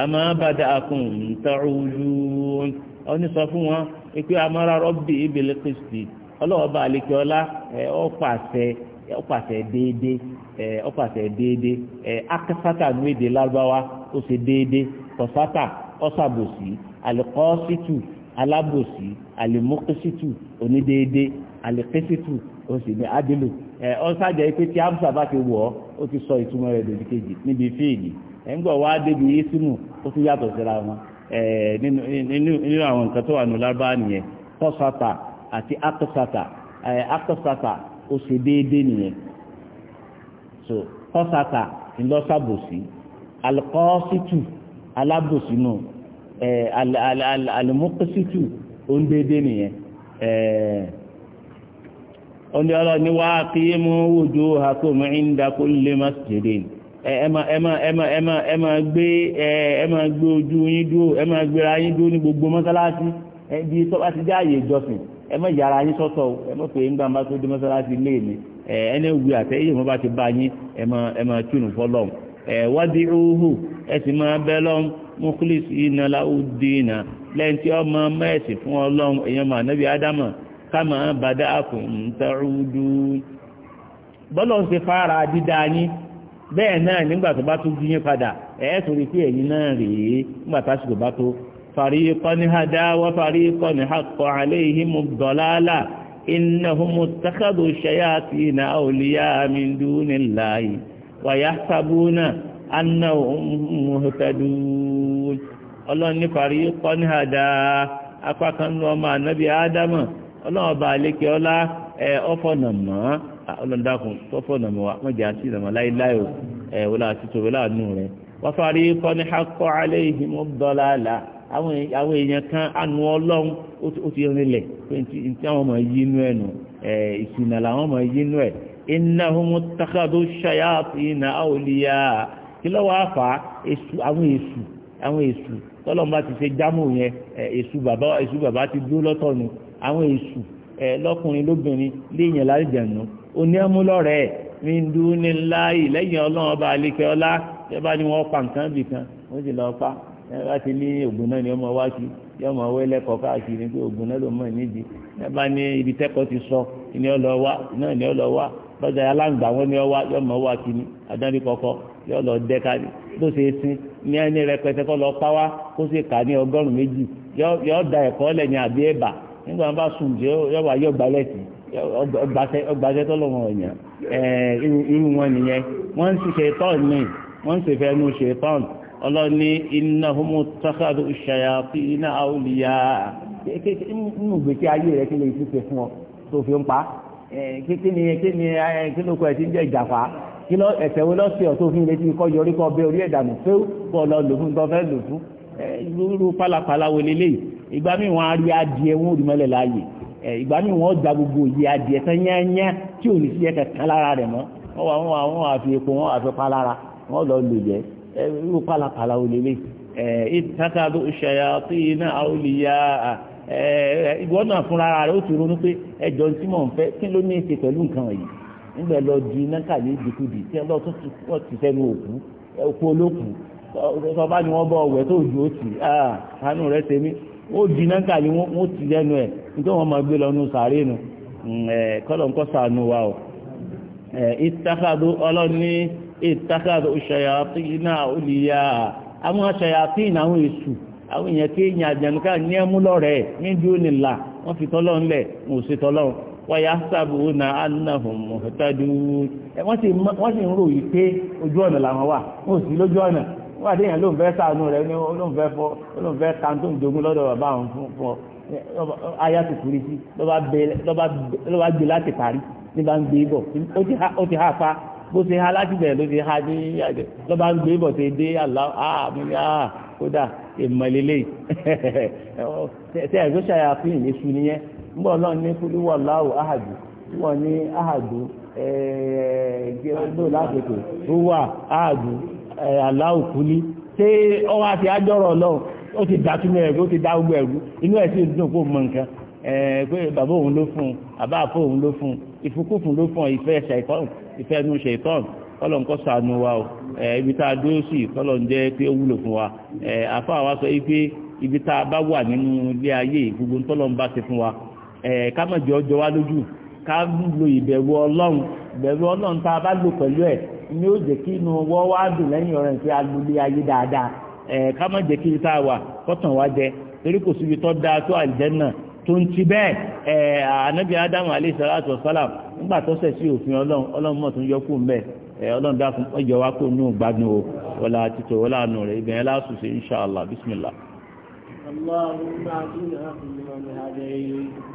àmọ́ bàdà àkùn ntàrújú ọ́nì sọ fún wọn pé amára rọ́bì ìbílẹ̀ kristi ọlọ́wọ́ bá àlekè ọlá ọ̀pàṣẹ ọ̀pàṣẹ déédéé ọ̀pàṣẹ déédéé akásátà ní èdè lárúbáwá ó ṣe déédéé kọ̀sátà ọ̀sàbòsí àlùkọ́sítù alábòsí àlùmọ́kọ́sítù onídéédéé àlùkẹ́sítù oṣù ní adìlù ọ̀sàjẹ́ pé tí amsa bá ti wọ̀ ọ́ ó ti sọ ìtumọ̀ rẹ̀ lòdì kejì níbi fíìlì ẹ̀ńgbọ̀ wá débi yéṣímù ó tún yàtọ̀ síra wọn nínú àwọn nǹkan tó wà nù lábá nìyẹn tọ́sàtà àti akọ́sàtà akọ́sàtà ó ṣe déédéé nìyẹn so tọ́sàtà ńlọ́sàbòsí alkọ́sítù alábòsí nù ó ń nìyẹn ó ní wá kí mú ẹ máa ẹ máa ẹ máa ẹ máa gbé ojú yín ẹ yín ní gbogbo mọ́sálásí ẹbí tó bá ti dé ìjọsìn ẹ má yàrá yín sọ́tọ̀ ẹ má pè é ńgbà eme tó dé mọ́sálásí ilé mi ẹni àtẹ mo bá ti bá yín ẹ máa ẹ túnú fọlọ́m ẹ ẹ sì bẹ lọ́m iná bẹ́ẹ̀ náà nígbà tó bá tún bí yín padà ẹ̀ tó rí pé ẹ̀yin náà rèé nígbà tásìkò bá tó fariqan hada wa fariqan haqqa alayhimu ddalala innahum ittakhadhu shayatina awliya min dunillahi wa yahsabuna annahum muhtadun ọlọ́ni fariqan hada apá kan lọ́mọ ànábì ádámù ọlọ́run ọba àlékè ọlá ẹ ọfọ̀nà mọ́ ọlọ́run dákun tọ́fọ̀nà mọ́ wa wọ́n jẹ́ àti ìdàmọ́ láéláé o ẹ wọ́n láti tó wọ́n láàánú rẹ̀ wọ́n fari kọ́ni akọ́ alẹ́ yìí mọ́ dọ́là àlà àwọn èèyàn kan àánú ọlọ́run ó ti rinlẹ̀ pé ntí àwọn ọmọ yìí inú ẹ̀ nù ẹ̀ ìsìnà làwọn ọmọ yìí inú ẹ̀ innahum takadu shayatina awliya kí lọ́wọ́ àfà àwọn èṣù àwọn èṣù tọ́lọ́mùbá ti ṣe jámù yẹn èṣù bàbá èṣù bàbá ti dúró lọ́tọ̀ nu àwọn èṣù lọ́kùnrin lóbìnrin léèyàn lálẹ́jẹ̀nu oníyàmúlọ́rẹ̀ mi ń dún ní láàyè lẹ́yìn ọlọ́run ọba àlekẹ́ ọlá ẹ bá ní wọ́n pa nǹkan bì kan wọ́n sì lọ́ọ́ pa ẹ bá ti ní ògùn náà ni ọmọ wá sí yọmọ wẹ́lẹ́ kọ́ káàkiri pé ògùn náà ló mọ̀ nídìí ẹ bá ní ibi tẹ́kọ̀ọ́ ti sọ ní ọlọ́wà náà ní ọlọ́wà lọ́jà yà láǹgbà wọn ni ọwá yọ mọ̀ wá kí ni kọ̀kọ́ yọ lọ dẹ́ ká ní tó ṣe é sin ní ẹni rẹpẹtẹ kọ́ lọ pa wá kó ṣe kà ní ọgọ́rùn-ún méjì yọ da ẹ̀kọ́ lẹ̀ ní àbí ẹ̀bà nígbà wọn bá sùn jẹ́ yọ wá yọ ọgbàṣẹ tọ́lọ̀ wọn irú wọn nìyẹn wọ́n fún ọ tó fi kí ni kí ni kí ló kọ ẹ ti ń jẹ ìjàpá kí lọ ẹsẹ wo lọsẹ ọtọ fún ilé tí kọ yọrí kọ bẹ orí ẹdànù pé kọ lọ lò fún tọfẹ lò fún irú pálapàla wo leléyìí ìgbà míì wọn á rí adìẹ wọn ò rí mọ́lẹ̀ láàyè ìgbà míì wọn da gbogbo yìí adìẹ tán yányá tí ò ní sí ẹ kankan lára rẹ mọ wọn wà wọn wà wọn àfi epo wọn àfi palára wọn lọ lò jẹ irú pálapàla wo leléyìí ìtàkàdó ṣayàtì náà àwòlíyà Eh, ìwọ náà fúnra rẹ̀ ó ti ronú pé ẹjọ́ tí mò ń fẹ́ kí ló ní pẹ̀lú nǹkan yìí nígbà lọ di náka ní ìdìkudì tí ọlọ́tún ti pọ̀ ti sẹ́nu òkú òkú olókù sọba ni wọ́n bọ ọ̀wẹ́ tó ju òtì àánú rẹ̀ ó di náka wọ́n ti lẹ́nu ẹ̀ nítorí wọ́n máa gbé lọ sàárè nu mm, o àwọn èèyàn kéèyàn àjànúká ní ẹmú lọ́rẹ̀ẹ́ ní dúró là wọ́n fi tọ́lọ́run lẹ̀ wọn ò ṣe tọ́lọ́run wọ́n yà sábùúnà annahum muhtadun wọ́n sì ń rò yìí pé ojú ọ̀nà làwọn wà wọn ò sí lójú ọ̀nà wọ́n àti èèyàn ló ń fẹ́ sànú rẹ̀ ní olóńfẹ́ fọ́ olóńfẹ́ kàńtó ìjogún lọ́dọ̀ bàbá àwọn fún fún aya ti kúri sí lọ́ba gbé láti parí ní bá ń gbé bọ̀ ó ti ha pa bó ṣe ha láti bẹ̀rẹ̀ ló ti ha ní lọ́ba gbé bọ̀ ṣe dé àlá àmì àà kódà ìmọ̀lélẹ̀ tẹ́ẹ̀gbẹ́ ṣàyàfín ìlésù nìyẹn nígbà náà ní kúlúwọ̀ láwù áhàdù wọ́n ní áhàdù ẹ̀ẹ́dẹ́gbẹ́ láàpẹ̀tẹ̀ rúwà áhàdù aláwù kúlí ṣé ọwọ́ àti ájọ́rọ̀ ọlọ́run ó ti dá túnú ẹ̀rú ó ti dá gbogbo ẹ̀rú inú ẹ̀ sì dùn kó mọ nǹkan pé bàbá òun ló fún un bàbá àfọ òun ló fún un ìfúkúfún ló fún ọ ìfẹ́ ṣàìtọ́n ìfẹ́ ẹnu ṣàìtọ́n ọlọ́nkọ́ ṣàánú wa o. ibi tá a dúró sí kọ́lọ̀ jẹ́ pé ó wúlò fún wa sọ ibi bá wà nínú ilé ayé gbogbo ń ń bá fún wa ká má jọ jọ wá lójú ká lo ìbẹ̀rù ọlọ́run ìbẹ̀rù bá lò pẹ̀lú ẹ̀ ni ó jẹ́ kí inú wọ́n wá dùn lo ilé ayé dáadáa ká jẹ́ kí ibi wà kọ́tàn wá jẹ torí kò síbi da tó tó ń ti bẹ́ẹ̀ ànábì ádámù nígbà tó sí òfin ọlọ́run ọlọ́run mọ̀ tó ń ọlọ́run dákun ọjọ́ wa kó nù gbádùn o wọlá títò wọlá nù rẹ̀ ibẹ̀ yẹn láàsùn sí inṣàlá bísímìlá.